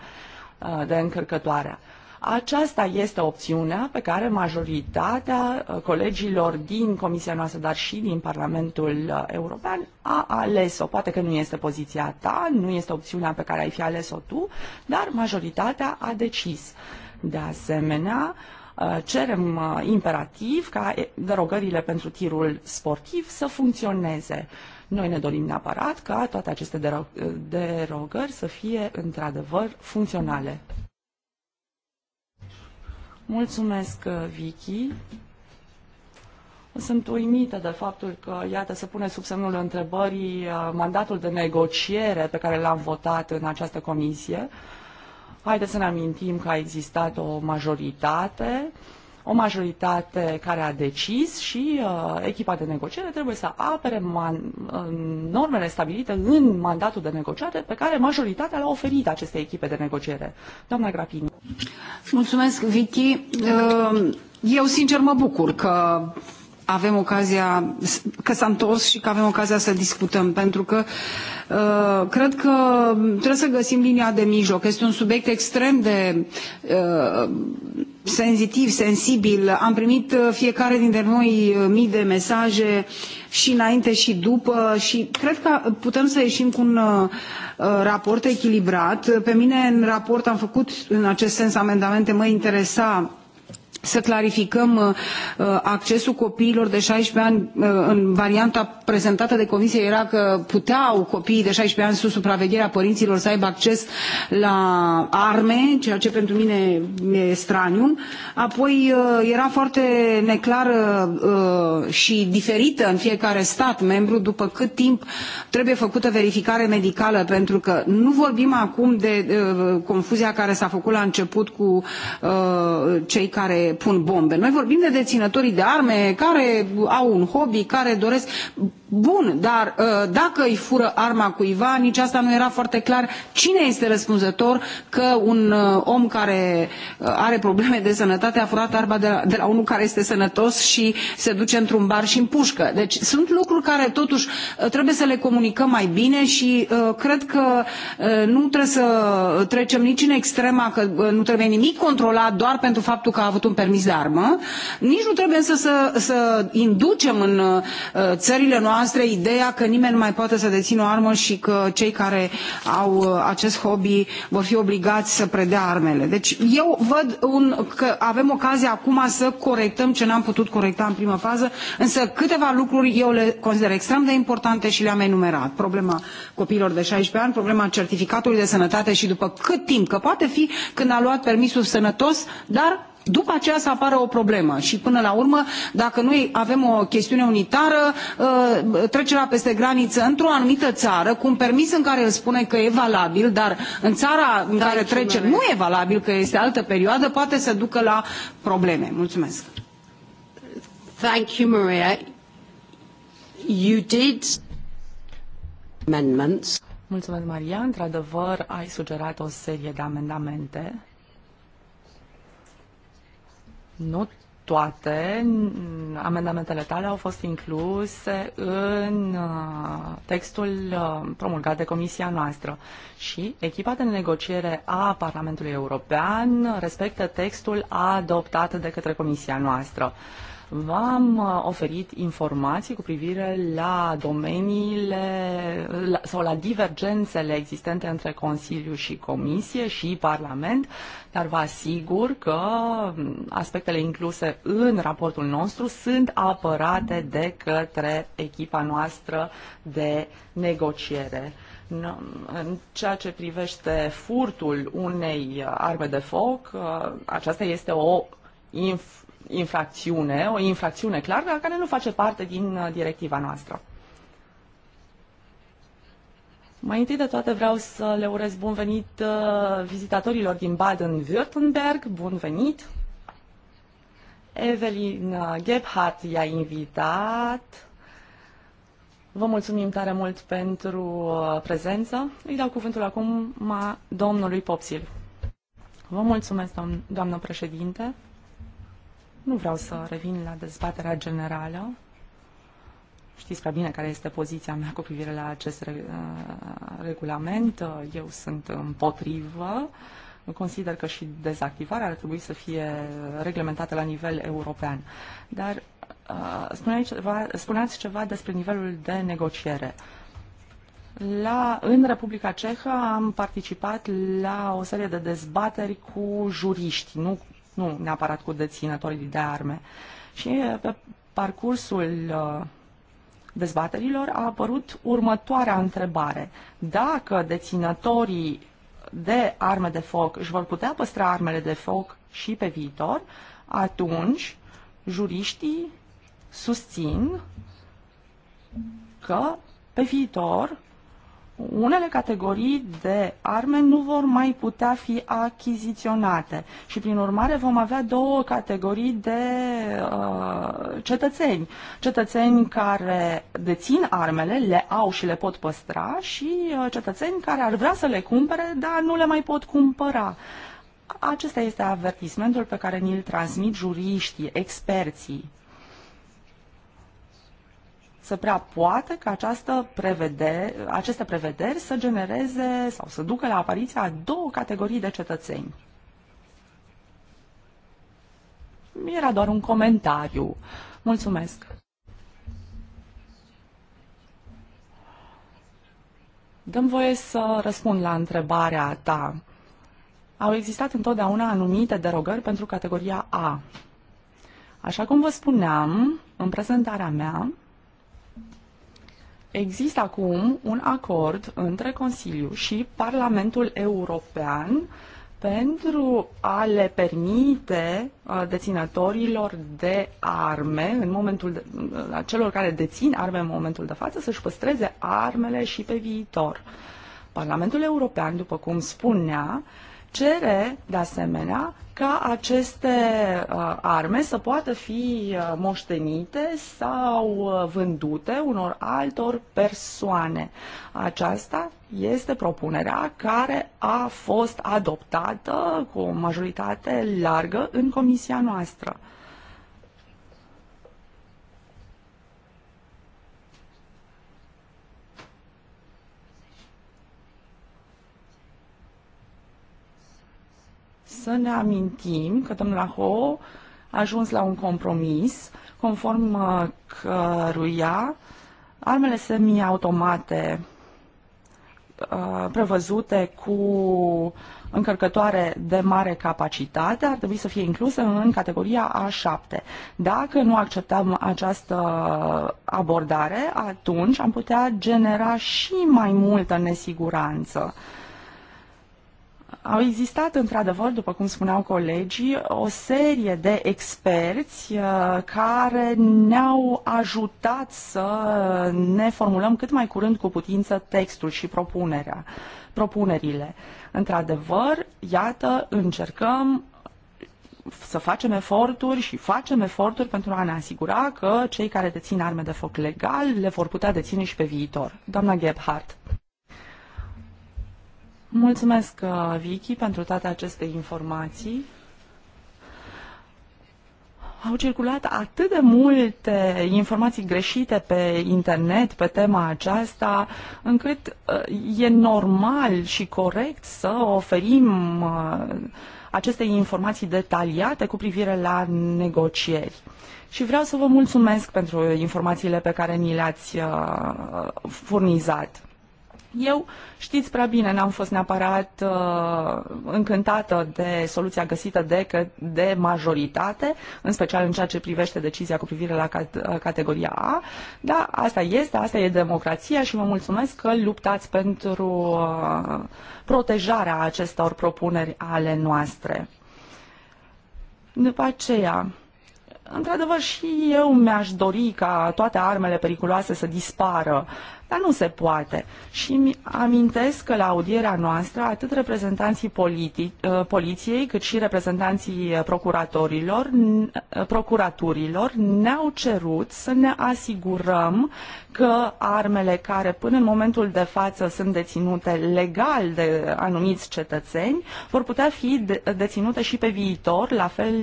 uh, de încărcătoare. Aceasta este opțiunea pe care majoritatea uh, colegilor din Comisia noastră, dar și din Parlamentul uh, European a ales-o. Poate că nu este poziția ta, nu este opțiunea pe care ai fi ales-o tu, dar majoritatea a decis. De asemenea, uh, cerem imperativ ca derogările pentru tirul sportiv să funcționeze. Noi ne dorim neapărat ca toate aceste derogări să fie într-adevăr funcționale. Mulțumesc, uh, Vicky. Sunt uimită de faptul că, iată, se pune sub semnul întrebării uh, mandatul de negociere pe care l-am votat în această comisie. Haideți să ne amintim că a existat o majoritate uh, o majoritate care a decis și uh, echipa de negociere trebuie să apere man- uh, normele stabilite în mandatul de negociere pe care majoritatea l-a oferit aceste echipe de negociere. Doamna Grapini. Mulțumesc, Vicky. Uh, eu, sincer, mă bucur că avem ocazia, că s-a întors și că avem ocazia să discutăm, pentru că uh, cred că trebuie să găsim linia de mijloc. Este un subiect extrem de uh, senzitiv, sensibil. Am primit uh, fiecare dintre noi mii de mesaje și înainte și după și cred că putem să ieșim cu un raport echilibrat. Pe mine în raport am făcut în acest sens amendamente, mă interesa să clarificăm uh, uh, accesul copiilor de 16 ani uh, în varianta prezentată de comisie era că puteau copiii de 16 ani sub supravegherea părinților să aibă acces la arme, ceea ce pentru mine e straniu. Apoi era foarte neclară și diferită în fiecare stat membru după cât timp trebuie făcută verificare medicală, pentru că nu vorbim acum de confuzia care s-a făcut la început cu cei care pun bombe. Noi vorbim de deținătorii de arme care au un hobby, care doresc Bun, dar uh, dacă îi fură arma cuiva, nici asta nu era foarte clar cine este răspunzător că un uh, om care uh, are probleme de sănătate a furat arma de la, de la unul care este sănătos și se duce într-un bar și împușcă. Deci sunt lucruri care totuși trebuie să le comunicăm mai bine și cred că nu trebuie să trecem nici în extrema că nu trebuie nimic controlat doar pentru faptul că a avut un permis de armă, nici nu trebuie să, să, să inducem în țările noastre dumneavoastră ideea că nimeni nu mai poate să dețină o armă și că cei care au uh, acest hobby vor fi obligați să predea armele. Deci eu văd un, că avem ocazia acum să corectăm ce n-am putut corecta în primă fază, însă câteva lucruri eu le consider extrem de importante și le-am enumerat. Problema copiilor de 16 ani, problema certificatului de sănătate și după cât timp, că poate fi când a luat permisul sănătos, dar după aceea să apară o problemă și până la urmă dacă noi avem o chestiune unitară ă, trecerea peste graniță într o anumită țară cu un permis în care îl spune că e valabil dar în țara în da, care trece nu e valabil că este altă perioadă poate să ducă la probleme. Mulțumesc. Thank you, Maria. You did amendments. Mulțumesc, Maria. Într-adevăr, ai sugerat o serie de amendamente nu toate amendamentele tale au fost incluse în uh, textul uh, promulgat de comisia noastră și echipa de negociere a Parlamentului European respectă textul adoptat de către comisia noastră v-am uh, oferit informații cu privire la domeniile la, sau la divergențele existente între Consiliu și Comisie și Parlament, dar vă asigur că mm, aspectele incluse în raportul nostru sunt apărate de către echipa noastră de negociere. În ceea ce privește furtul unei uh, arme de foc, uh, aceasta este o inf- infracțiune, o infracțiune clar, dar care nu face parte din uh, directiva noastră. Mai întâi de toate vreau să le urez bun venit uh, vizitatorilor din Baden-Württemberg. Bun venit! Evelyn uh, Gebhardt i-a invitat. Vă mulțumim tare mult pentru prezență. Îi dau cuvântul acum domnului Popsil. Vă mulțumesc, doamnă președinte. Nu vreau să revin la dezbaterea generală. Știți prea bine care este poziția mea cu privire la acest uh, regulament. Eu sunt împotrivă. Consider că și dezactivarea ar trebui să fie reglementată la nivel european. Dar uh, spuneați ceva, spuneați ceva despre nivelul de negociere. La, în Republica Cehă am participat la o serie de dezbateri cu juriști, nu nu neapărat cu deținătorii de arme. Și pe parcursul dezbaterilor a apărut următoarea întrebare. Dacă deținătorii de arme de foc își vor putea păstra armele de foc și pe viitor, atunci juriștii susțin că pe viitor unele categorii de arme nu vor mai putea fi achiziționate și prin urmare vom avea două categorii de uh, cetățeni. Cetățeni care dețin armele, le au și le pot păstra și uh, cetățeni care ar vrea să le cumpere, dar nu le mai pot cumpăra. Acesta este avertismentul pe care ni-l transmit juriștii, experții să prea poată ca această prevedere, aceste prevederi să genereze sau să ducă la apariția a două categorii de cetățeni. Era doar un comentariu. Mulțumesc. Dăm voie să răspund la întrebarea ta. Au existat întotdeauna anumite derogări pentru categoria A. Așa cum vă spuneam în prezentarea mea, Există acum un acord între Consiliu și Parlamentul European pentru a le permite uh, deținătorilor de arme, în momentul de, uh, celor care dețin arme în momentul de față, să-și păstreze armele și pe viitor. Parlamentul European, după cum spunea, cere, de asemenea, ca aceste uh, arme să poată fi uh, moștenite sau uh, vândute unor altor persoane. Aceasta este propunerea care a fost adoptată cu o majoritate largă în comisia noastră. să ne amintim că domnul Aho a ajuns la un compromis conform uh, căruia armele semiautomate uh, prevăzute cu încărcătoare de mare capacitate ar trebui să fie incluse în categoria A7. Dacă nu acceptăm această abordare, atunci am putea genera și mai multă nesiguranță. Uh, au existat, într-adevăr, după cum spuneau colegii, o serie de experți uh, care ne-au ajutat să ne formulăm cât mai curând cu putință textul și propunerea, propunerile. Într-adevăr, iată, încercăm să facem eforturi și facem eforturi pentru a ne asigura că cei care dețin arme de foc legal le vor putea deține și pe viitor. Doamna Gebhardt. Mulțumesc, uh, Vicky, pentru toate aceste informații. Au circulat atât de multe informații greșite pe internet pe tema aceasta, încât uh, e normal și corect să oferim uh, aceste informații detaliate cu privire la negocieri. Și vreau să vă mulțumesc pentru informațiile pe care ni le-ați furnizat. Eu știți prea bine, n-am fost neapărat uh, încântată de soluția găsită de, de majoritate, în special în ceea ce privește decizia cu privire la cat, uh, categoria A, dar asta este, asta e democrația și vă mulțumesc că luptați pentru uh, protejarea acestor propuneri ale noastre. După aceea, într-adevăr și eu mi-aș dori ca toate armele periculoase să dispară. Uh, dar nu se poate. Și îmi amintesc că la audierea noastră, atât reprezentanții politi- uh, poliției, cât și reprezentanții uh, procuratorilor, uh, procuraturilor ne-au cerut să ne asigurăm că armele care până în momentul de față sunt deținute legal de anumiți cetățeni vor putea fi de- deținute și pe viitor la fel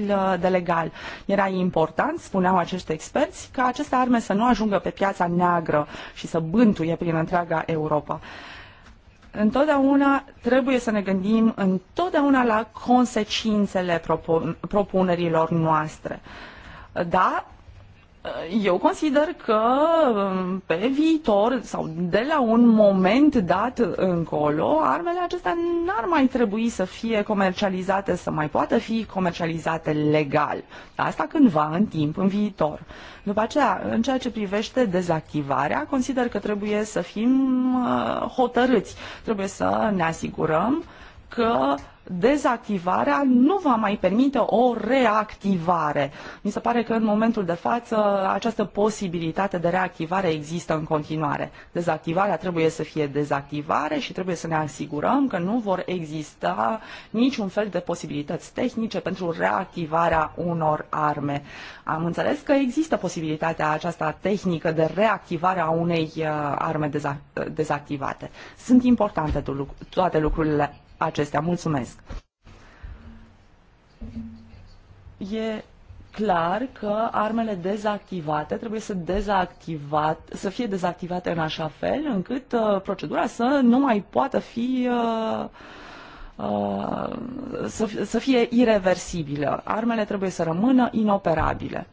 de legal. Era important, spuneau acești experți, ca aceste arme să nu ajungă pe piața neagră și să bântuie mântuie prin întreaga Europa. Întotdeauna trebuie să ne gândim întotdeauna la consecințele propun- propunerilor noastre. Da, Eh, eu consider că mm, pe viitor sau de la un moment dat încolo, armele acestea n-ar mai trebui să fie comercializate, să mai poată fi comercializate legal. Asta cândva în timp, în viitor. După aceea, în ceea ce privește dezactivarea, consider că trebuie să fim eh, hotărâți. Trebuie să ne asigurăm că uh, dezactivarea nu va mai permite o reactivare. Mi se pare că în momentul de față această posibilitate de reactivare există în continuare. Dezactivarea trebuie să fie dezactivare și trebuie să ne asigurăm că nu vor exista niciun fel de posibilități tehnice pentru reactivarea unor arme. Am înțeles că există posibilitatea aceasta tehnică de reactivare a unei uh, arme dezactivate. Sunt importante toate lucrurile acestea. Mulțumesc! E clar că armele dezactivate trebuie să, dezactivat, să fie dezactivate în așa fel încât uh, procedura să nu mai poată fi uh, uh, să, să fie irreversibilă. Armele trebuie să rămână inoperabile.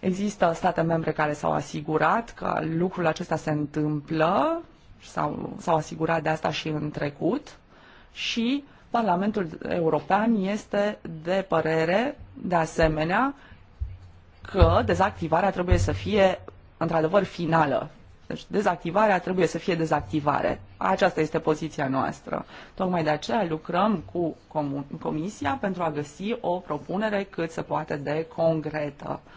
Există state membre care s-au asigurat că lucrul acesta se întâmplă, s-au asigurat de asta și în trecut și Parlamentul European este de părere, de asemenea, că dezactivarea trebuie să fie într-adevăr finală. Deci dezactivarea trebuie să fie dezactivare. Aceasta este poziția noastră. Tocmai de aceea lucrăm cu Comisia pentru a găsi o propunere cât se poate de concretă. Uh,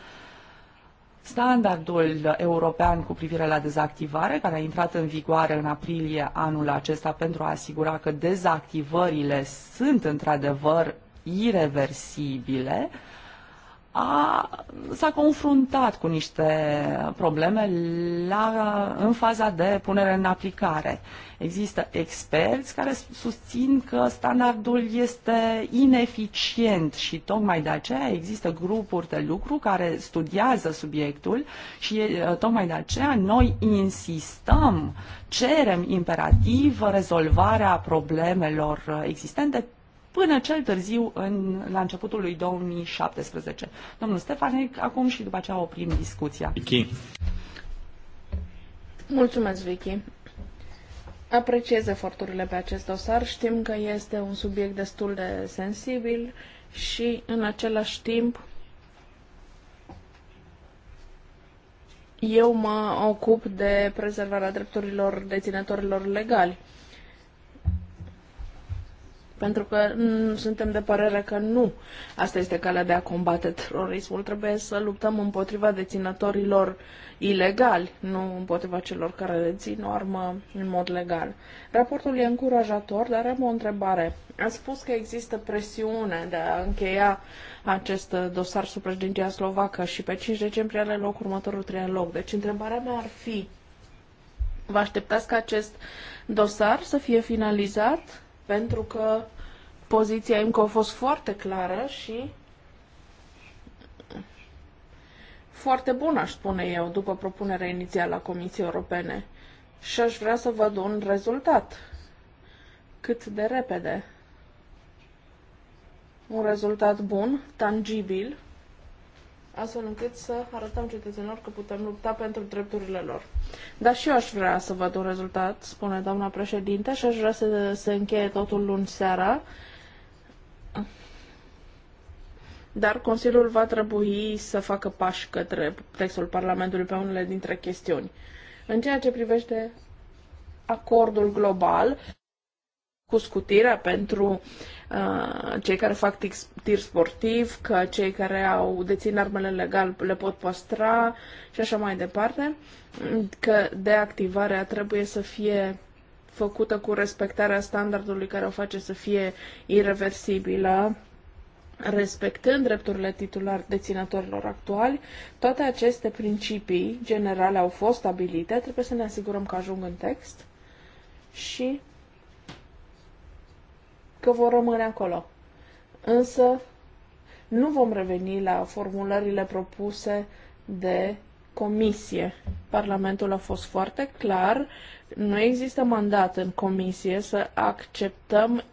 Standardul european cu privire la dezactivare, care a intrat în vigoare în aprilie anul acesta pentru a asigura că dezactivările sunt într-adevăr irreversibile, uh, a, s-a confruntat cu niște probleme la, în faza de punere în aplicare. Există experți care susțin că standardul este ineficient și tocmai de aceea există grupuri de lucru care studiază subiectul și tocmai de aceea noi insistăm, cerem imperativ rezolvarea problemelor existente până cel târziu în, la începutul lui 2017. Domnul Stefanec, acum și după aceea oprim discuția. Vicky. Mulțumesc, Vicky. Apreciez eforturile pe acest dosar. Știm că este un subiect destul de sensibil și în același timp eu mă ocup de prezervarea drepturilor deținătorilor legali pentru că mm, suntem de părere că nu asta este calea de a combate terorismul. Trebuie să luptăm împotriva deținătorilor ilegali, nu împotriva celor care dețin o armă în mod legal. Raportul e încurajator, dar am o întrebare. A spus că există presiune de a încheia acest dosar sub președinția slovacă și pe 5 decembrie are loc următorul trialog. Deci întrebarea mea ar fi, vă așteptați ca acest dosar să fie finalizat pentru că poziția IMCO a fost foarte clară și foarte bună, aș spune eu, după propunerea inițială a Comisiei Europene. Și aș vrea să văd un rezultat. Cât de repede. Un rezultat bun, tangibil, astfel încât să arătăm cetățenilor că putem lupta pentru drepturile lor. Dar și eu aș vrea să văd un rezultat, spune doamna președinte, și aș vrea să se încheie totul luni seara. Dar Consiliul va trebui să facă pași către textul Parlamentului pe unele dintre chestiuni. În ceea ce privește acordul global, cu scutirea pentru uh, cei care fac tir sportiv, că cei care au dețin armele legal le pot păstra și așa mai departe, că deactivarea trebuie să fie făcută cu respectarea standardului care o face să fie irreversibilă, respectând drepturile titular deținătorilor actuali, toate aceste principii generale au fost stabilite, trebuie să ne asigurăm că ajung în text și că vor rămâne acolo. Însă nu vom reveni la formulările propuse de comisie. Parlamentul a fost foarte clar, nu există mandat în comisie să acceptăm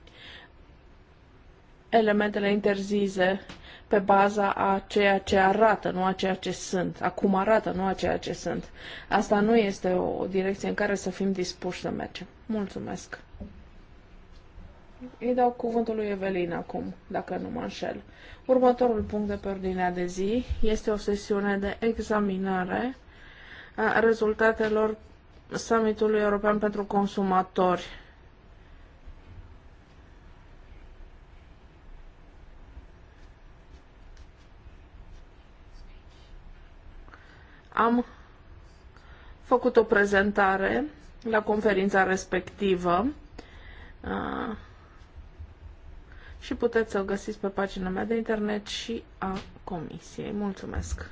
elementele interzise pe baza a ceea ce arată, nu a ceea ce sunt. Acum arată, nu a ceea ce sunt. Asta nu este o direcție în care să fim dispuși să mergem. Mulțumesc! Îi dau cuvântul lui Evelin acum, dacă nu mă înșel. Următorul punct de pe ordinea de zi este o sesiune de examinare a rezultatelor summitului european pentru consumatori. Am făcut o prezentare la conferința respectivă. Uh, și puteți să o găsiți pe pagina mea de internet și a comisiei. Mulțumesc!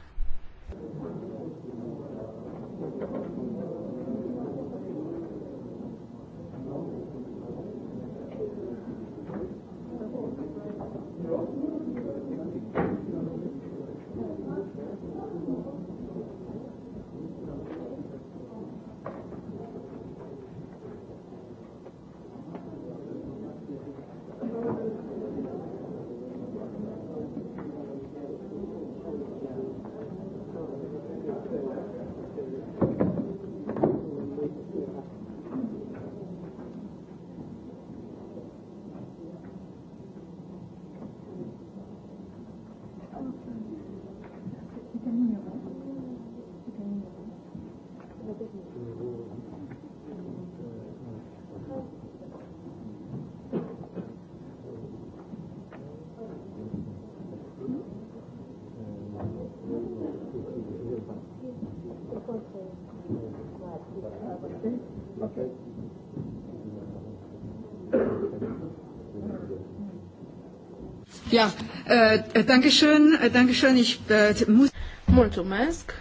Ja, äh, äh, danke schön, äh, danke schön. Ich äh, muss. Mulțumesc.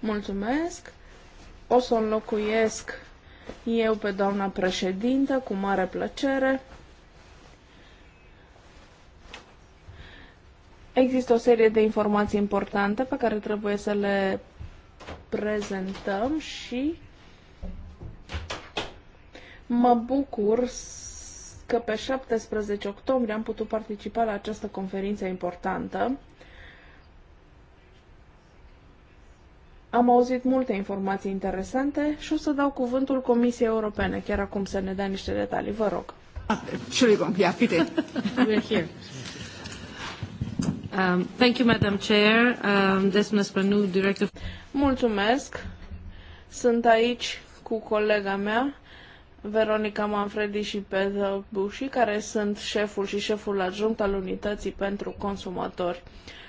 Mulțumesc. O să înlocuiesc eu pe doamna președintă cu mare plăcere. Există o serie de informații importante pe care trebuie să le prezentăm și mă bucur să că pe 17 octombrie am putut participa la această conferință importantă. Am auzit multe informații interesante și o să dau cuvântul Comisiei Europene, chiar acum să ne dea niște detalii. Vă rog. Ah, um, thank you, Madam Chair. Um, Mulțumesc. Sunt aici cu colega mea, Veronica Manfredi și Pedro Bushi, care sunt șeful și șeful adjunct al unității pentru consumatori.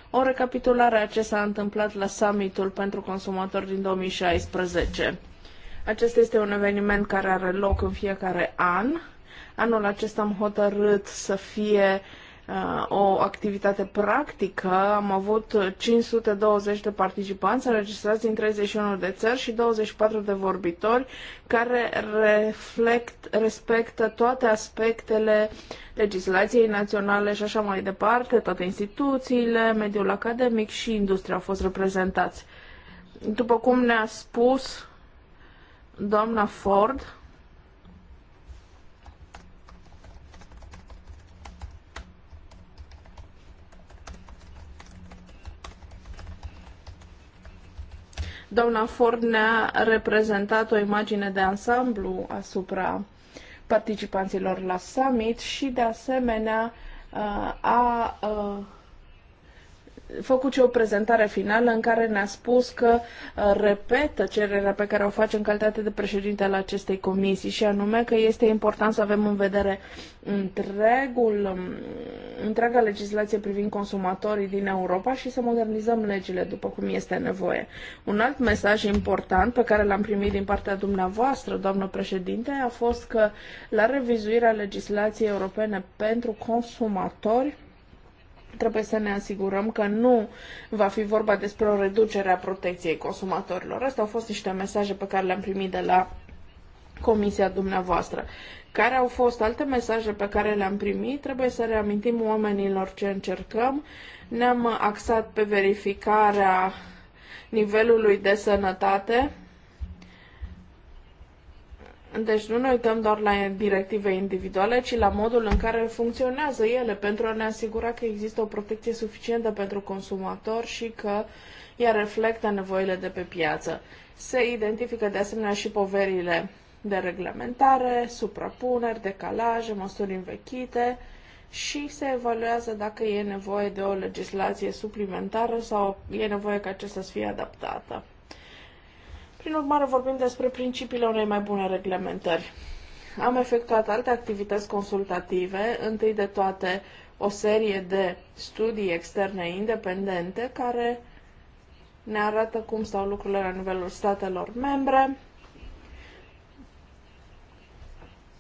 O recapitulare a ce s-a întâmplat la summitul pentru consumatori din 2016. Acesta este un eveniment care are loc în fiecare an. Anul acesta am hotărât să fie uh, o activitate practică. Am avut 520 de participanți înregistrați din 31 de țări și 24 de vorbitori care reflect, respectă toate aspectele legislației naționale și așa mai departe, toate instituțiile, mediul academic și industria au fost reprezentați. După cum ne-a spus doamna Ford, Doamna Ford ne-a reprezentat o imagine de ansamblu asupra participanților la summit și, de asemenea, a, a făcut și o prezentare finală în care ne-a spus că uh, repetă cererea pe care o face în calitate de președinte al acestei comisii și anume că este important să avem în vedere întregul, um, întreaga legislație privind consumatorii din Europa și să modernizăm legile după cum este nevoie. Un alt mesaj important pe care l-am primit din partea dumneavoastră, doamnă președinte, a fost că la revizuirea legislației europene pentru consumatori Trebuie să ne asigurăm că nu va fi vorba despre o reducere a protecției consumatorilor. Astea au fost niște mesaje pe care le-am primit de la comisia dumneavoastră. Care au fost alte mesaje pe care le-am primit? Trebuie să reamintim oamenilor ce încercăm. Ne-am axat pe verificarea nivelului de sănătate deci nu ne uităm doar la directive individuale, ci la modul în care funcționează ele pentru a ne asigura că există o protecție suficientă pentru consumator și că ea reflectă nevoile de pe piață. Se identifică de asemenea și poverile de reglementare, suprapuneri, decalaje, măsuri învechite și se evaluează dacă e nevoie de o legislație suplimentară sau e nevoie ca acesta să fie adaptată. Prin urmare, vorbim despre principiile unei mai bune reglementări. Am efectuat alte activități consultative, întâi de toate o serie de studii externe independente care ne arată cum stau lucrurile la nivelul statelor membre,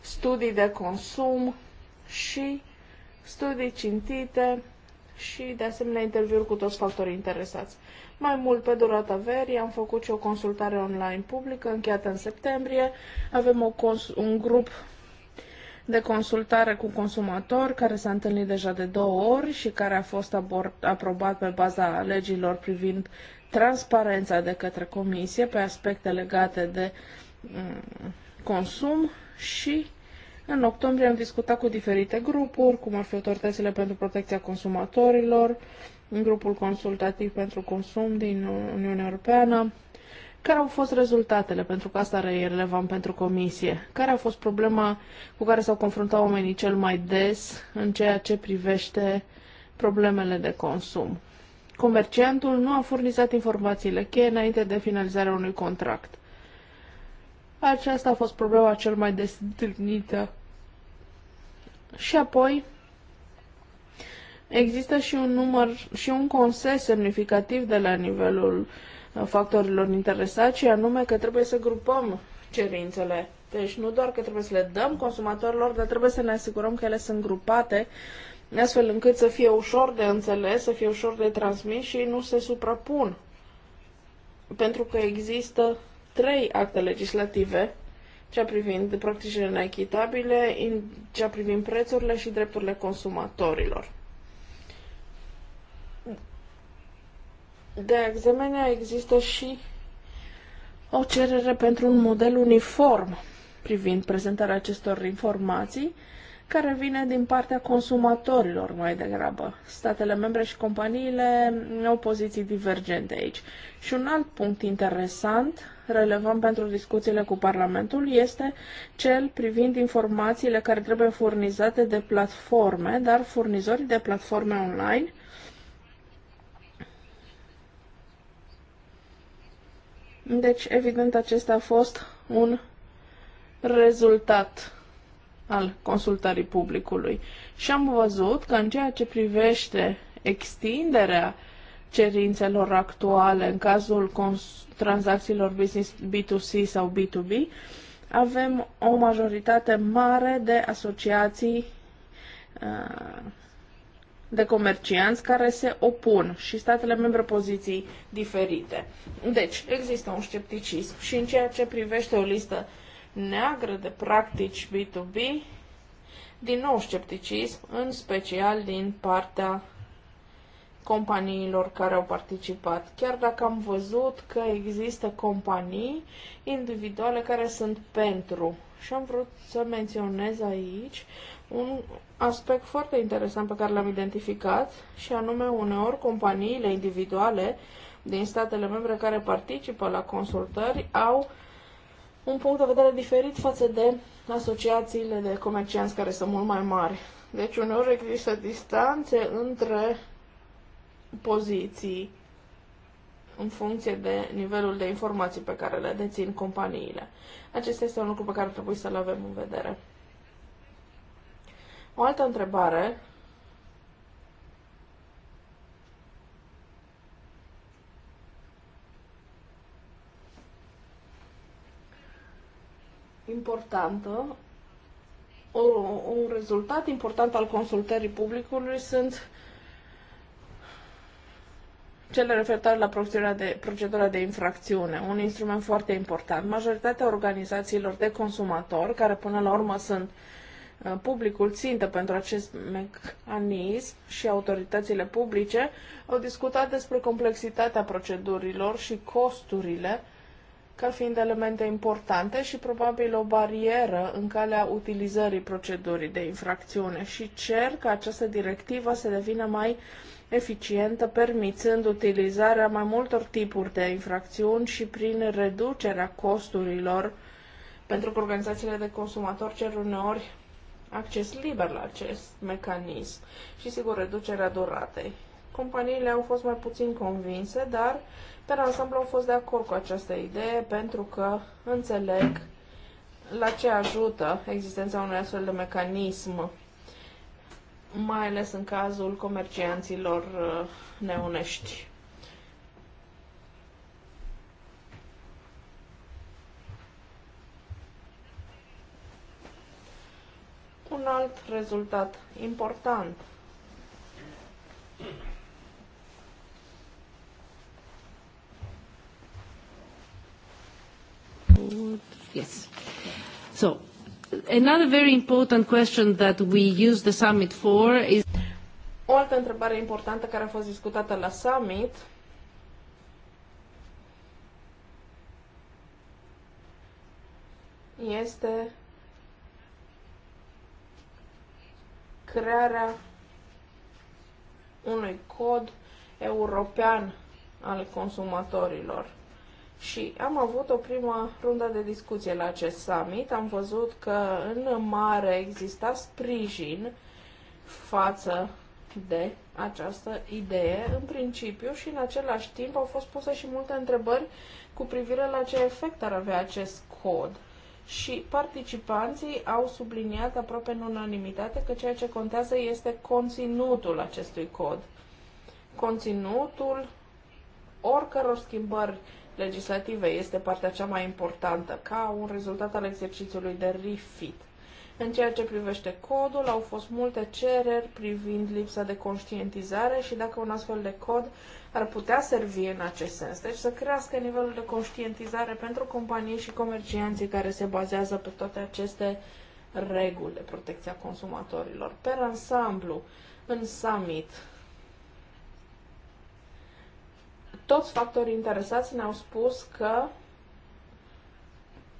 studii de consum și studii cintite și, de asemenea, interviuri cu toți factorii interesați. Mai mult, pe durata verii, am făcut și o consultare online publică încheiată în septembrie. Avem o un grup de consultare cu consumator, care s-a întâlnit deja de două ori și care a fost aprobat pe baza legilor privind transparența de către comisie pe aspecte legate de mm, consum și în octombrie am discutat cu diferite grupuri, cum ar fi autoritățile pentru protecția consumatorilor, în grupul consultativ pentru consum din Uniunea Europeană, care au fost rezultatele, pentru că asta e relevant pentru comisie, care a fost problema cu care s-au confruntat oamenii cel mai des în ceea ce privește problemele de consum. Comerciantul nu a furnizat informațiile cheie înainte de finalizarea unui contract. Aceasta a fost problema cel mai des întâlnită. Și apoi, Există și un număr și un consens semnificativ de la nivelul uh, factorilor interesați, și anume că trebuie să grupăm cerințele. Deci nu doar că trebuie să le dăm consumatorilor, dar trebuie să ne asigurăm că ele sunt grupate astfel încât să fie ușor de înțeles, să fie ușor de transmis și nu se suprapun. Pentru că există trei acte legislative, cea privind practicile neechitabile, cea privind prețurile și drepturile consumatorilor. De asemenea, există și o cerere pentru un model uniform privind prezentarea acestor informații, care vine din partea consumatorilor mai degrabă. Statele membre și companiile au poziții divergente aici. Și un alt punct interesant, relevant pentru discuțiile cu Parlamentul, este cel privind informațiile care trebuie furnizate de platforme, dar furnizorii de platforme online Deci, evident, acesta a fost un rezultat al consultării publicului. Și am văzut că în ceea ce privește extinderea cerințelor actuale în cazul tranzacțiilor business B2C sau B2B, avem o majoritate mare de asociații uh, de comercianți care se opun și statele membre poziții diferite. Deci, există un scepticism și în ceea ce privește o listă neagră de practici B2B, din nou scepticism, în special din partea companiilor care au participat. Chiar dacă am văzut că există companii individuale care sunt pentru. Și am vrut să menționez aici un aspect foarte interesant pe care l-am identificat și anume uneori companiile individuale din statele membre care participă la consultări au un punct de vedere diferit față de asociațiile de comercianți care sunt mult mai mari. Deci uneori există distanțe între poziții în funcție de nivelul de informații pe care le dețin companiile. Acesta este un lucru pe care trebuie să-l avem în vedere. O altă întrebare importantă, o, un rezultat important al consultării publicului sunt cele referitoare la procedura de, procedura de infracțiune, un instrument foarte important. Majoritatea organizațiilor de consumatori, care până la urmă sunt uh, Uh, publicul țintă pentru acest mecanism și autoritățile publice au discutat despre complexitatea procedurilor și costurile ca fiind elemente importante și probabil o barieră în calea utilizării procedurii de infracțiune și cer ca această directivă să devină mai eficientă, permițând utilizarea mai multor tipuri de infracțiuni și prin reducerea costurilor, pentru că organizațiile de consumatori cer uneori acces liber la acest mecanism și, sigur, reducerea duratei. Companiile au fost mai puțin convinse, dar, pe ansamblu, au fost de acord cu această idee pentru că înțeleg la ce ajută existența unui astfel de mecanism, mai ales în cazul comercianților uh, neunești. Un alt rezultat important Yes. So, another very important question that we use the summit for is... O altă întrebare importantă care a fost discutată la summit este crearea unui cod european al consumatorilor. Și am avut o primă rundă de discuție la acest summit. Am văzut că în mare exista sprijin față de această idee în principiu și în același timp au fost puse și multe întrebări cu privire la ce efect ar avea acest cod și participanții au subliniat aproape în unanimitate că ceea ce contează este conținutul acestui cod. Conținutul oricăror schimbări legislative este partea cea mai importantă, ca un rezultat al exercițiului de refit. În ceea ce privește codul, au fost multe cereri privind lipsa de conștientizare și dacă un astfel de cod ar putea servi în acest sens. Deci să crească nivelul de conștientizare pentru companii și comercianții care se bazează pe toate aceste reguli de protecția consumatorilor. Pe ansamblu, în summit, toți factorii interesați ne-au spus că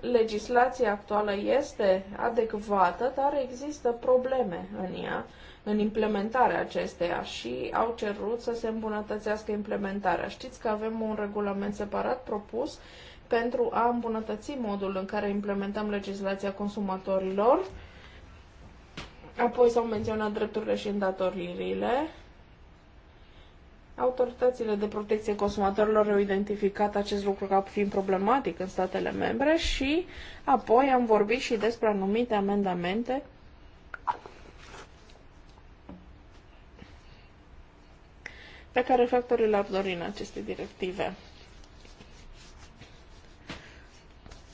legislația actuală este adecvată, dar există probleme în ea în implementarea acesteia și au cerut să se îmbunătățească implementarea. Știți că avem un regulament separat propus pentru a îmbunătăți modul în care implementăm legislația consumatorilor. Apoi s-au menționat drepturile și îndatoririle. Autoritățile de protecție consumatorilor au identificat acest lucru ca fiind problematic în statele membre și apoi am vorbit și despre anumite amendamente pe care factorii le-ar dori în aceste directive.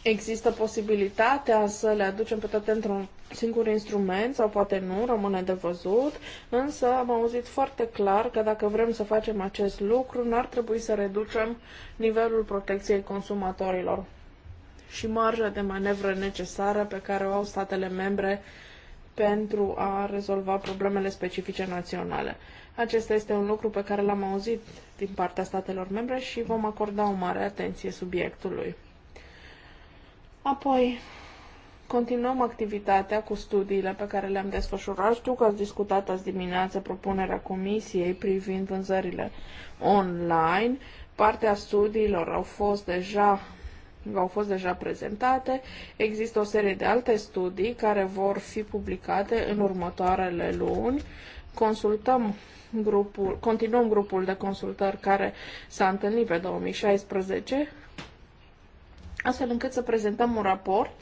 Există posibilitatea să le aducem pe toate într-un singur instrument sau poate nu, rămâne de văzut, însă am auzit foarte clar că dacă vrem să facem acest lucru, n-ar trebui să reducem nivelul protecției consumatorilor și marja de manevră necesară pe care o au statele membre pentru a rezolva problemele specifice naționale. Acesta este un lucru pe care l-am auzit din partea statelor membre și vom acorda o mare atenție subiectului. Apoi, continuăm activitatea cu studiile pe care le-am desfășurat. Știu că ați discutat azi dimineață propunerea comisiei privind vânzările online. Partea studiilor au fost deja au fost deja prezentate. Există o serie de alte studii care vor fi publicate în următoarele luni consultăm grupul, continuăm grupul de consultări care s-a întâlnit pe 2016, astfel încât să prezentăm un raport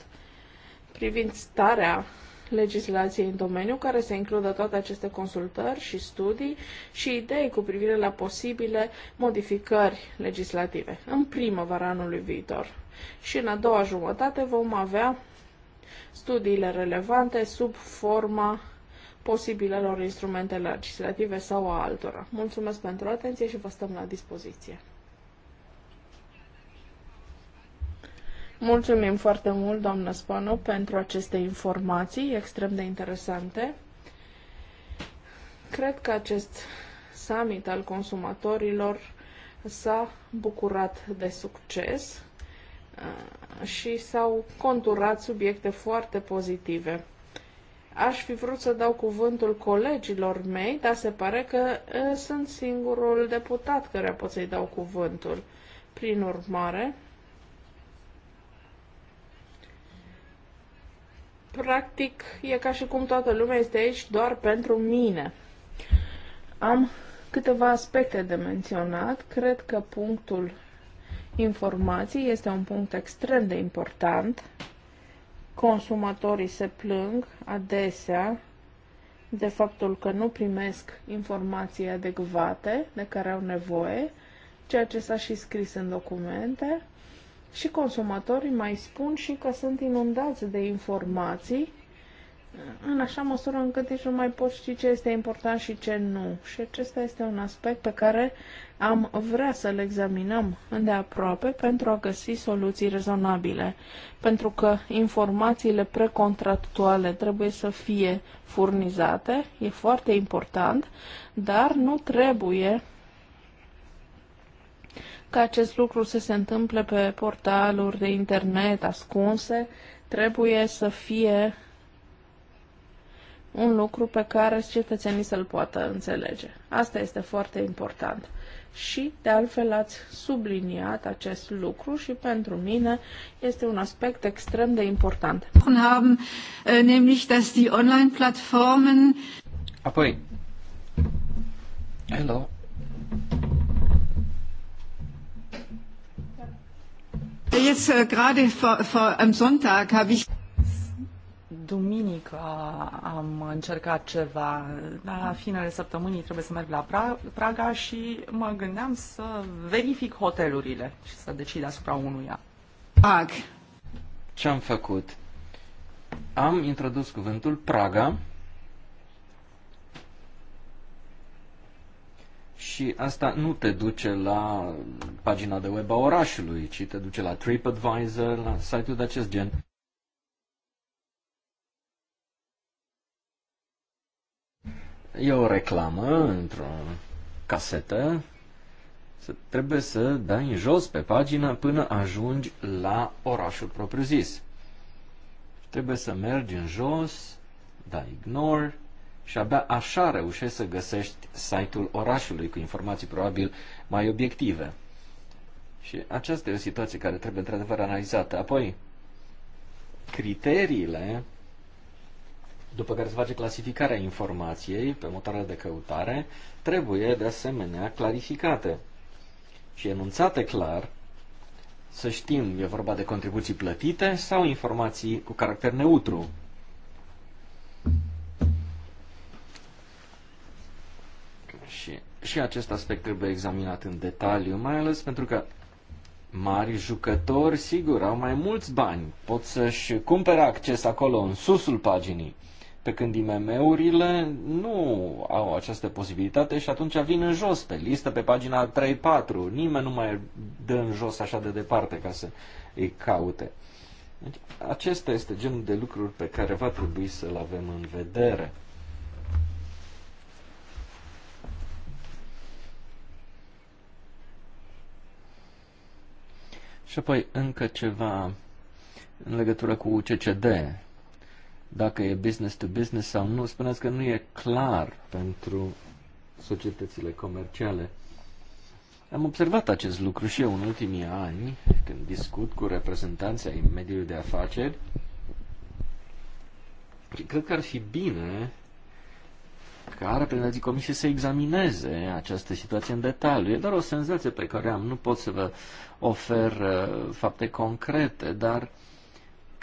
privind starea legislației în domeniu, care se includă toate aceste consultări și studii și idei cu privire la posibile modificări legislative în primăvara anului viitor. Și în a doua jumătate vom avea studiile relevante sub forma posibilelor instrumente legislative sau a altora. Mulțumesc pentru atenție și vă stăm la dispoziție. Mulțumim foarte mult, doamnă Spano, pentru aceste informații extrem de interesante. Cred că acest summit al consumatorilor s-a bucurat de succes uh, și s-au conturat subiecte foarte pozitive. Aș fi vrut să dau cuvântul colegilor mei, dar se pare că sunt singurul deputat care pot să-i dau cuvântul. Prin urmare, practic e ca și cum toată lumea este aici doar pentru mine. Am câteva aspecte de menționat. Cred că punctul informații este un punct extrem de important consumatorii se plâng adesea de faptul că nu primesc informații adecvate de care au nevoie, ceea ce s-a și scris în documente, și consumatorii mai spun și că sunt inundați de informații în așa măsură încât nici nu mai poți ști ce este important și ce nu. Și acesta este un aspect pe care am vrea să-l examinăm îndeaproape pentru a găsi soluții rezonabile, pentru că informațiile precontractuale trebuie să fie furnizate, e foarte important, dar nu trebuie ca acest lucru să se întâmple pe portaluri de internet ascunse, trebuie să fie un lucru pe care cetățenii să-l poată înțelege. Asta este foarte important. Și, de altfel, ați subliniat acest lucru și pentru mine este un aspect extrem de important. Äh, nämlich, dass die Online-Plattformen... Apoi, hello, Jetzt äh, gerade vor, vor, am Sonntag habe ich duminică am încercat ceva. La finele săptămânii trebuie să merg la pra Praga și mă gândeam să verific hotelurile și să decid asupra unuia. Ag. Ce am făcut? Am introdus cuvântul Praga și asta nu te duce la pagina de web a orașului, ci te duce la TripAdvisor, la site-ul de acest gen. e o reclamă într-o casetă, să trebuie să dai în jos pe pagină până ajungi la orașul propriu-zis. Trebuie să mergi în jos, dai ignore și abia așa reușești să găsești site-ul orașului cu informații probabil mai obiective. Și aceasta e o situație care trebuie într-adevăr analizată. Apoi, criteriile după care se face clasificarea informației pe motoarele de căutare, trebuie de asemenea clarificate și enunțate clar să știm, e vorba de contribuții plătite sau informații cu caracter neutru. Și, și acest aspect trebuie examinat în detaliu, mai ales pentru că mari jucători, sigur, au mai mulți bani, pot să-și cumpere acces acolo, în susul paginii pe când IMM-urile nu au această posibilitate și atunci vin în jos pe listă, pe pagina 3-4. Nimeni nu mai dă în jos așa de departe ca să îi caute. Deci, acesta este genul de lucruri pe care va trebui să-l avem în vedere. Și apoi încă ceva în legătură cu CCD, dacă e business to business sau nu, spuneți că nu e clar pentru societățile comerciale. Am observat acest lucru și eu în ultimii ani, când discut cu reprezentanții ai mediului de afaceri. Și cred că ar fi bine ca reprezentanții comisiei să examineze această situație în detaliu. E doar o senzație pe care am. Nu pot să vă ofer uh, fapte concrete, dar uh,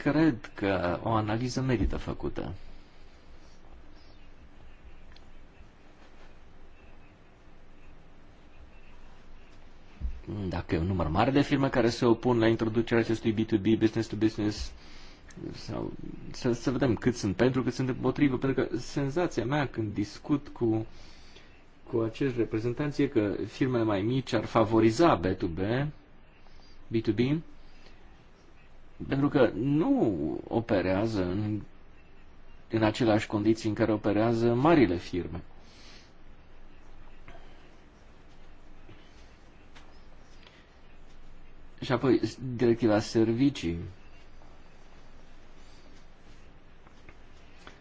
cred că o analiză merită făcută. Dacă e un număr mare de firme care se opun la introducerea acestui B2B, business to business, sau să, să vedem cât sunt pentru, cât sunt împotrivă, pentru că senzația mea când discut cu, cu acești reprezentanți e că firmele mai mici ar favoriza B2B, B2B, pentru că nu operează în, în aceleași condiții în care operează marile firme. Și apoi directiva servicii.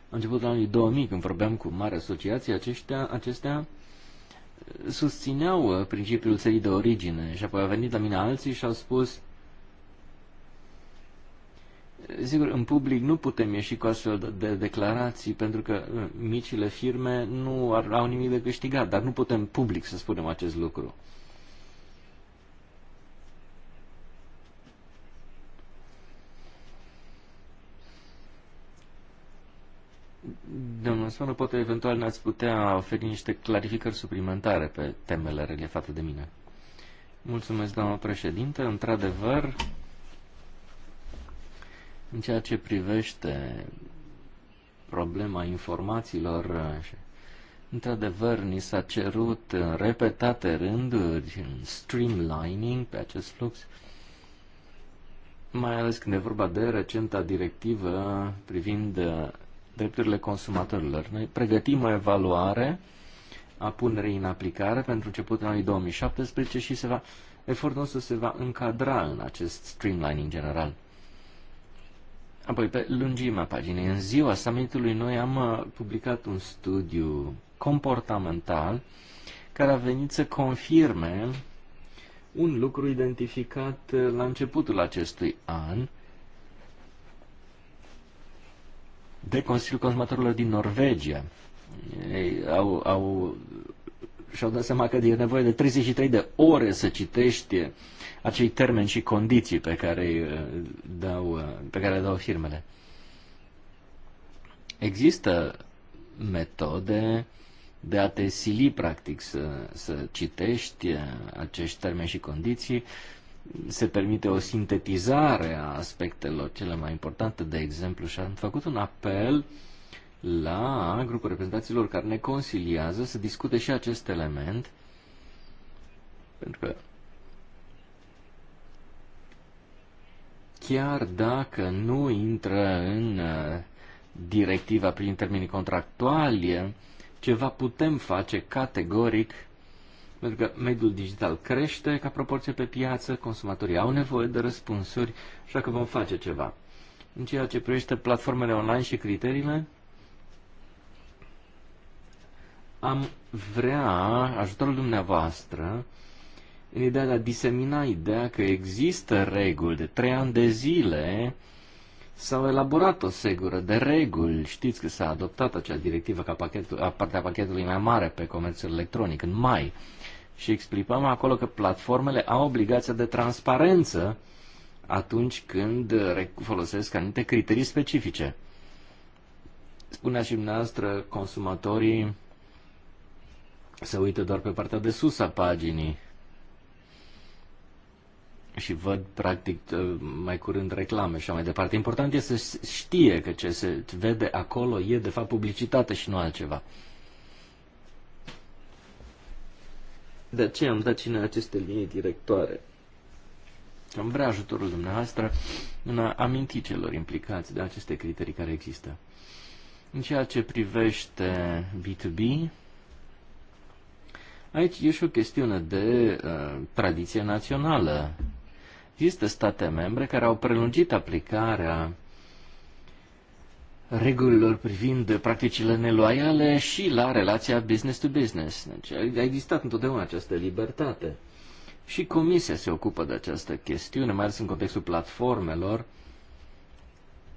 A început la anii 2000, când vorbeam cu mari asociații, aceștia, acestea eh, susțineau eh, principiul țării de origine și apoi a venit la mine alții și au spus Sigur, în public nu putem ieși cu astfel de declarații, pentru că uh, micile firme nu ar, au nimic de câștigat, dar nu putem public să spunem acest lucru. Domnul Sfântu, poate eventual ne-ați putea oferi niște clarificări suplimentare pe temele relevate de mine. Mulțumesc, doamnă președinte. Într-adevăr, în ceea ce privește problema informațiilor, într-adevăr, ni s-a cerut în repetate rânduri streamlining pe acest flux, mai ales când e vorba de recenta directivă privind uh, drepturile consumatorilor. Noi pregătim o evaluare a punerii în aplicare pentru începutul anului 2017 și se va, efortul nostru se va încadra în acest streamlining general. Apoi, pe lungimea paginii, în ziua summitului noi am uh, publicat un studiu comportamental care a venit să confirme un lucru identificat uh, la începutul acestui an de Consiliul Consumatorilor din Norvegia. Ei au, au, și-au dat seama că e nevoie de 33 de ore să citești acei termeni și condiții pe care, uh, dau, uh, pe care le dau firmele. Există metode de a te sili, practic, să, să citești uh, acești termeni și condiții. Se permite o sintetizare a aspectelor cele mai importante, de exemplu, și am făcut un apel la grupul reprezentanților care ne consiliază să discute și acest element, pentru că chiar dacă nu intră în uh, directiva prin termenii contractuali, uh, ceva putem face categoric, pentru că mediul digital crește ca proporție pe piață, consumatorii au nevoie de răspunsuri, așa că vom face ceva. În ceea ce privește platformele online și criteriile, am vrea ajutorul dumneavoastră ideea de a disemina ideea că există reguli. De trei ani de zile s-au elaborat o segură de reguli. Știți că s-a adoptat acea directivă ca pachetul, a partea pachetului mai mare pe comerțul electronic în mai. Și explicăm acolo că platformele au obligația de transparență atunci când folosesc anumite criterii specifice. Spunea și dumneavoastră, consumatorii se uită doar pe partea de sus a paginii și văd practic ă, mai curând reclame și mai departe. Important este să știe că ce se vede acolo e de fapt publicitate și nu altceva. De aceea am dat cine aceste linii directoare. am vrea ajutorul dumneavoastră în a aminti celor implicați de aceste criterii care există. În ceea ce privește B2B, Aici e și o chestiune de uh, tradiție națională. Există state membre care au prelungit aplicarea regulilor privind practicile neloiale și la relația business to business. Deci a existat întotdeauna această libertate. Și comisia se ocupă de această chestiune, mai ales în contextul platformelor,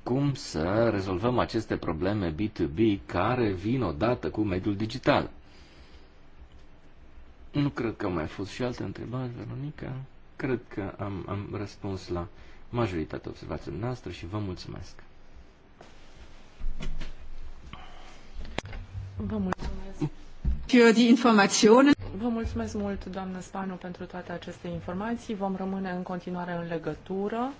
cum să rezolvăm aceste probleme B2B care vin odată cu mediul digital. Nu cred că mai fost și alte întrebări, Veronica. Cred că am, am răspuns la majoritatea observațiilor noastre și vă mulțumesc. Vă mulțumesc. Für die Vă mulțumesc mult, doamnă Spanu, pentru toate aceste informații. Vom rămâne în continuare în legătură.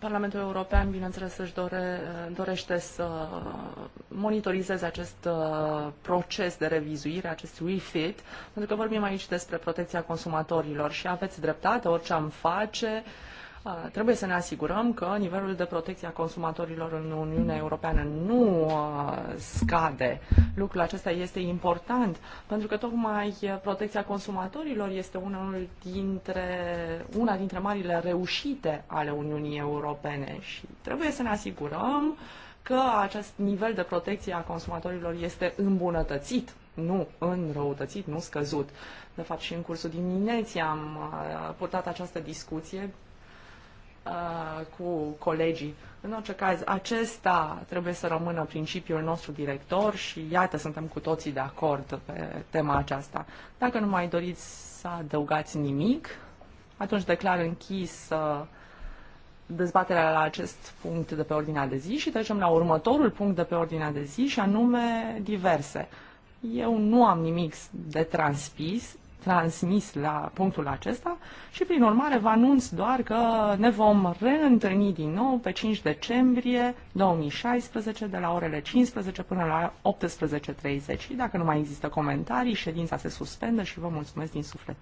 Parlamentul European, bineînțeles, își dore, dorește să monitorizeze acest uh, proces de revizuire, acest refit, pentru că vorbim aici despre protecția consumatorilor și aveți dreptate, orice am face, uh, Uh, trebuie să ne asigurăm că nivelul de protecție a consumatorilor în Uniunea Europeană nu uh, scade. Lucrul acesta este important pentru că tocmai uh, protecția consumatorilor este unul dintre, una dintre marile reușite ale Uniunii Europene și trebuie să ne asigurăm că acest nivel de protecție a consumatorilor este îmbunătățit, nu înrăutățit, nu scăzut. De fapt, și în cursul dimineții am purtat această discuție Uh, cu colegii. În orice caz, acesta trebuie să rămână principiul nostru director și iată, suntem cu toții de acord pe tema aceasta. Dacă nu mai doriți să adăugați nimic, atunci declar închis uh, dezbaterea la acest punct de pe ordinea de zi și trecem la următorul punct de pe ordinea de zi și anume diverse. Eu nu am nimic de transpis, transmis la punctul acesta și, prin urmare, vă anunț doar că ne vom reîntâlni din nou pe 5 decembrie 2016 de la orele 15 până la 18.30. Dacă nu mai există comentarii, ședința se suspendă și vă mulțumesc din suflet.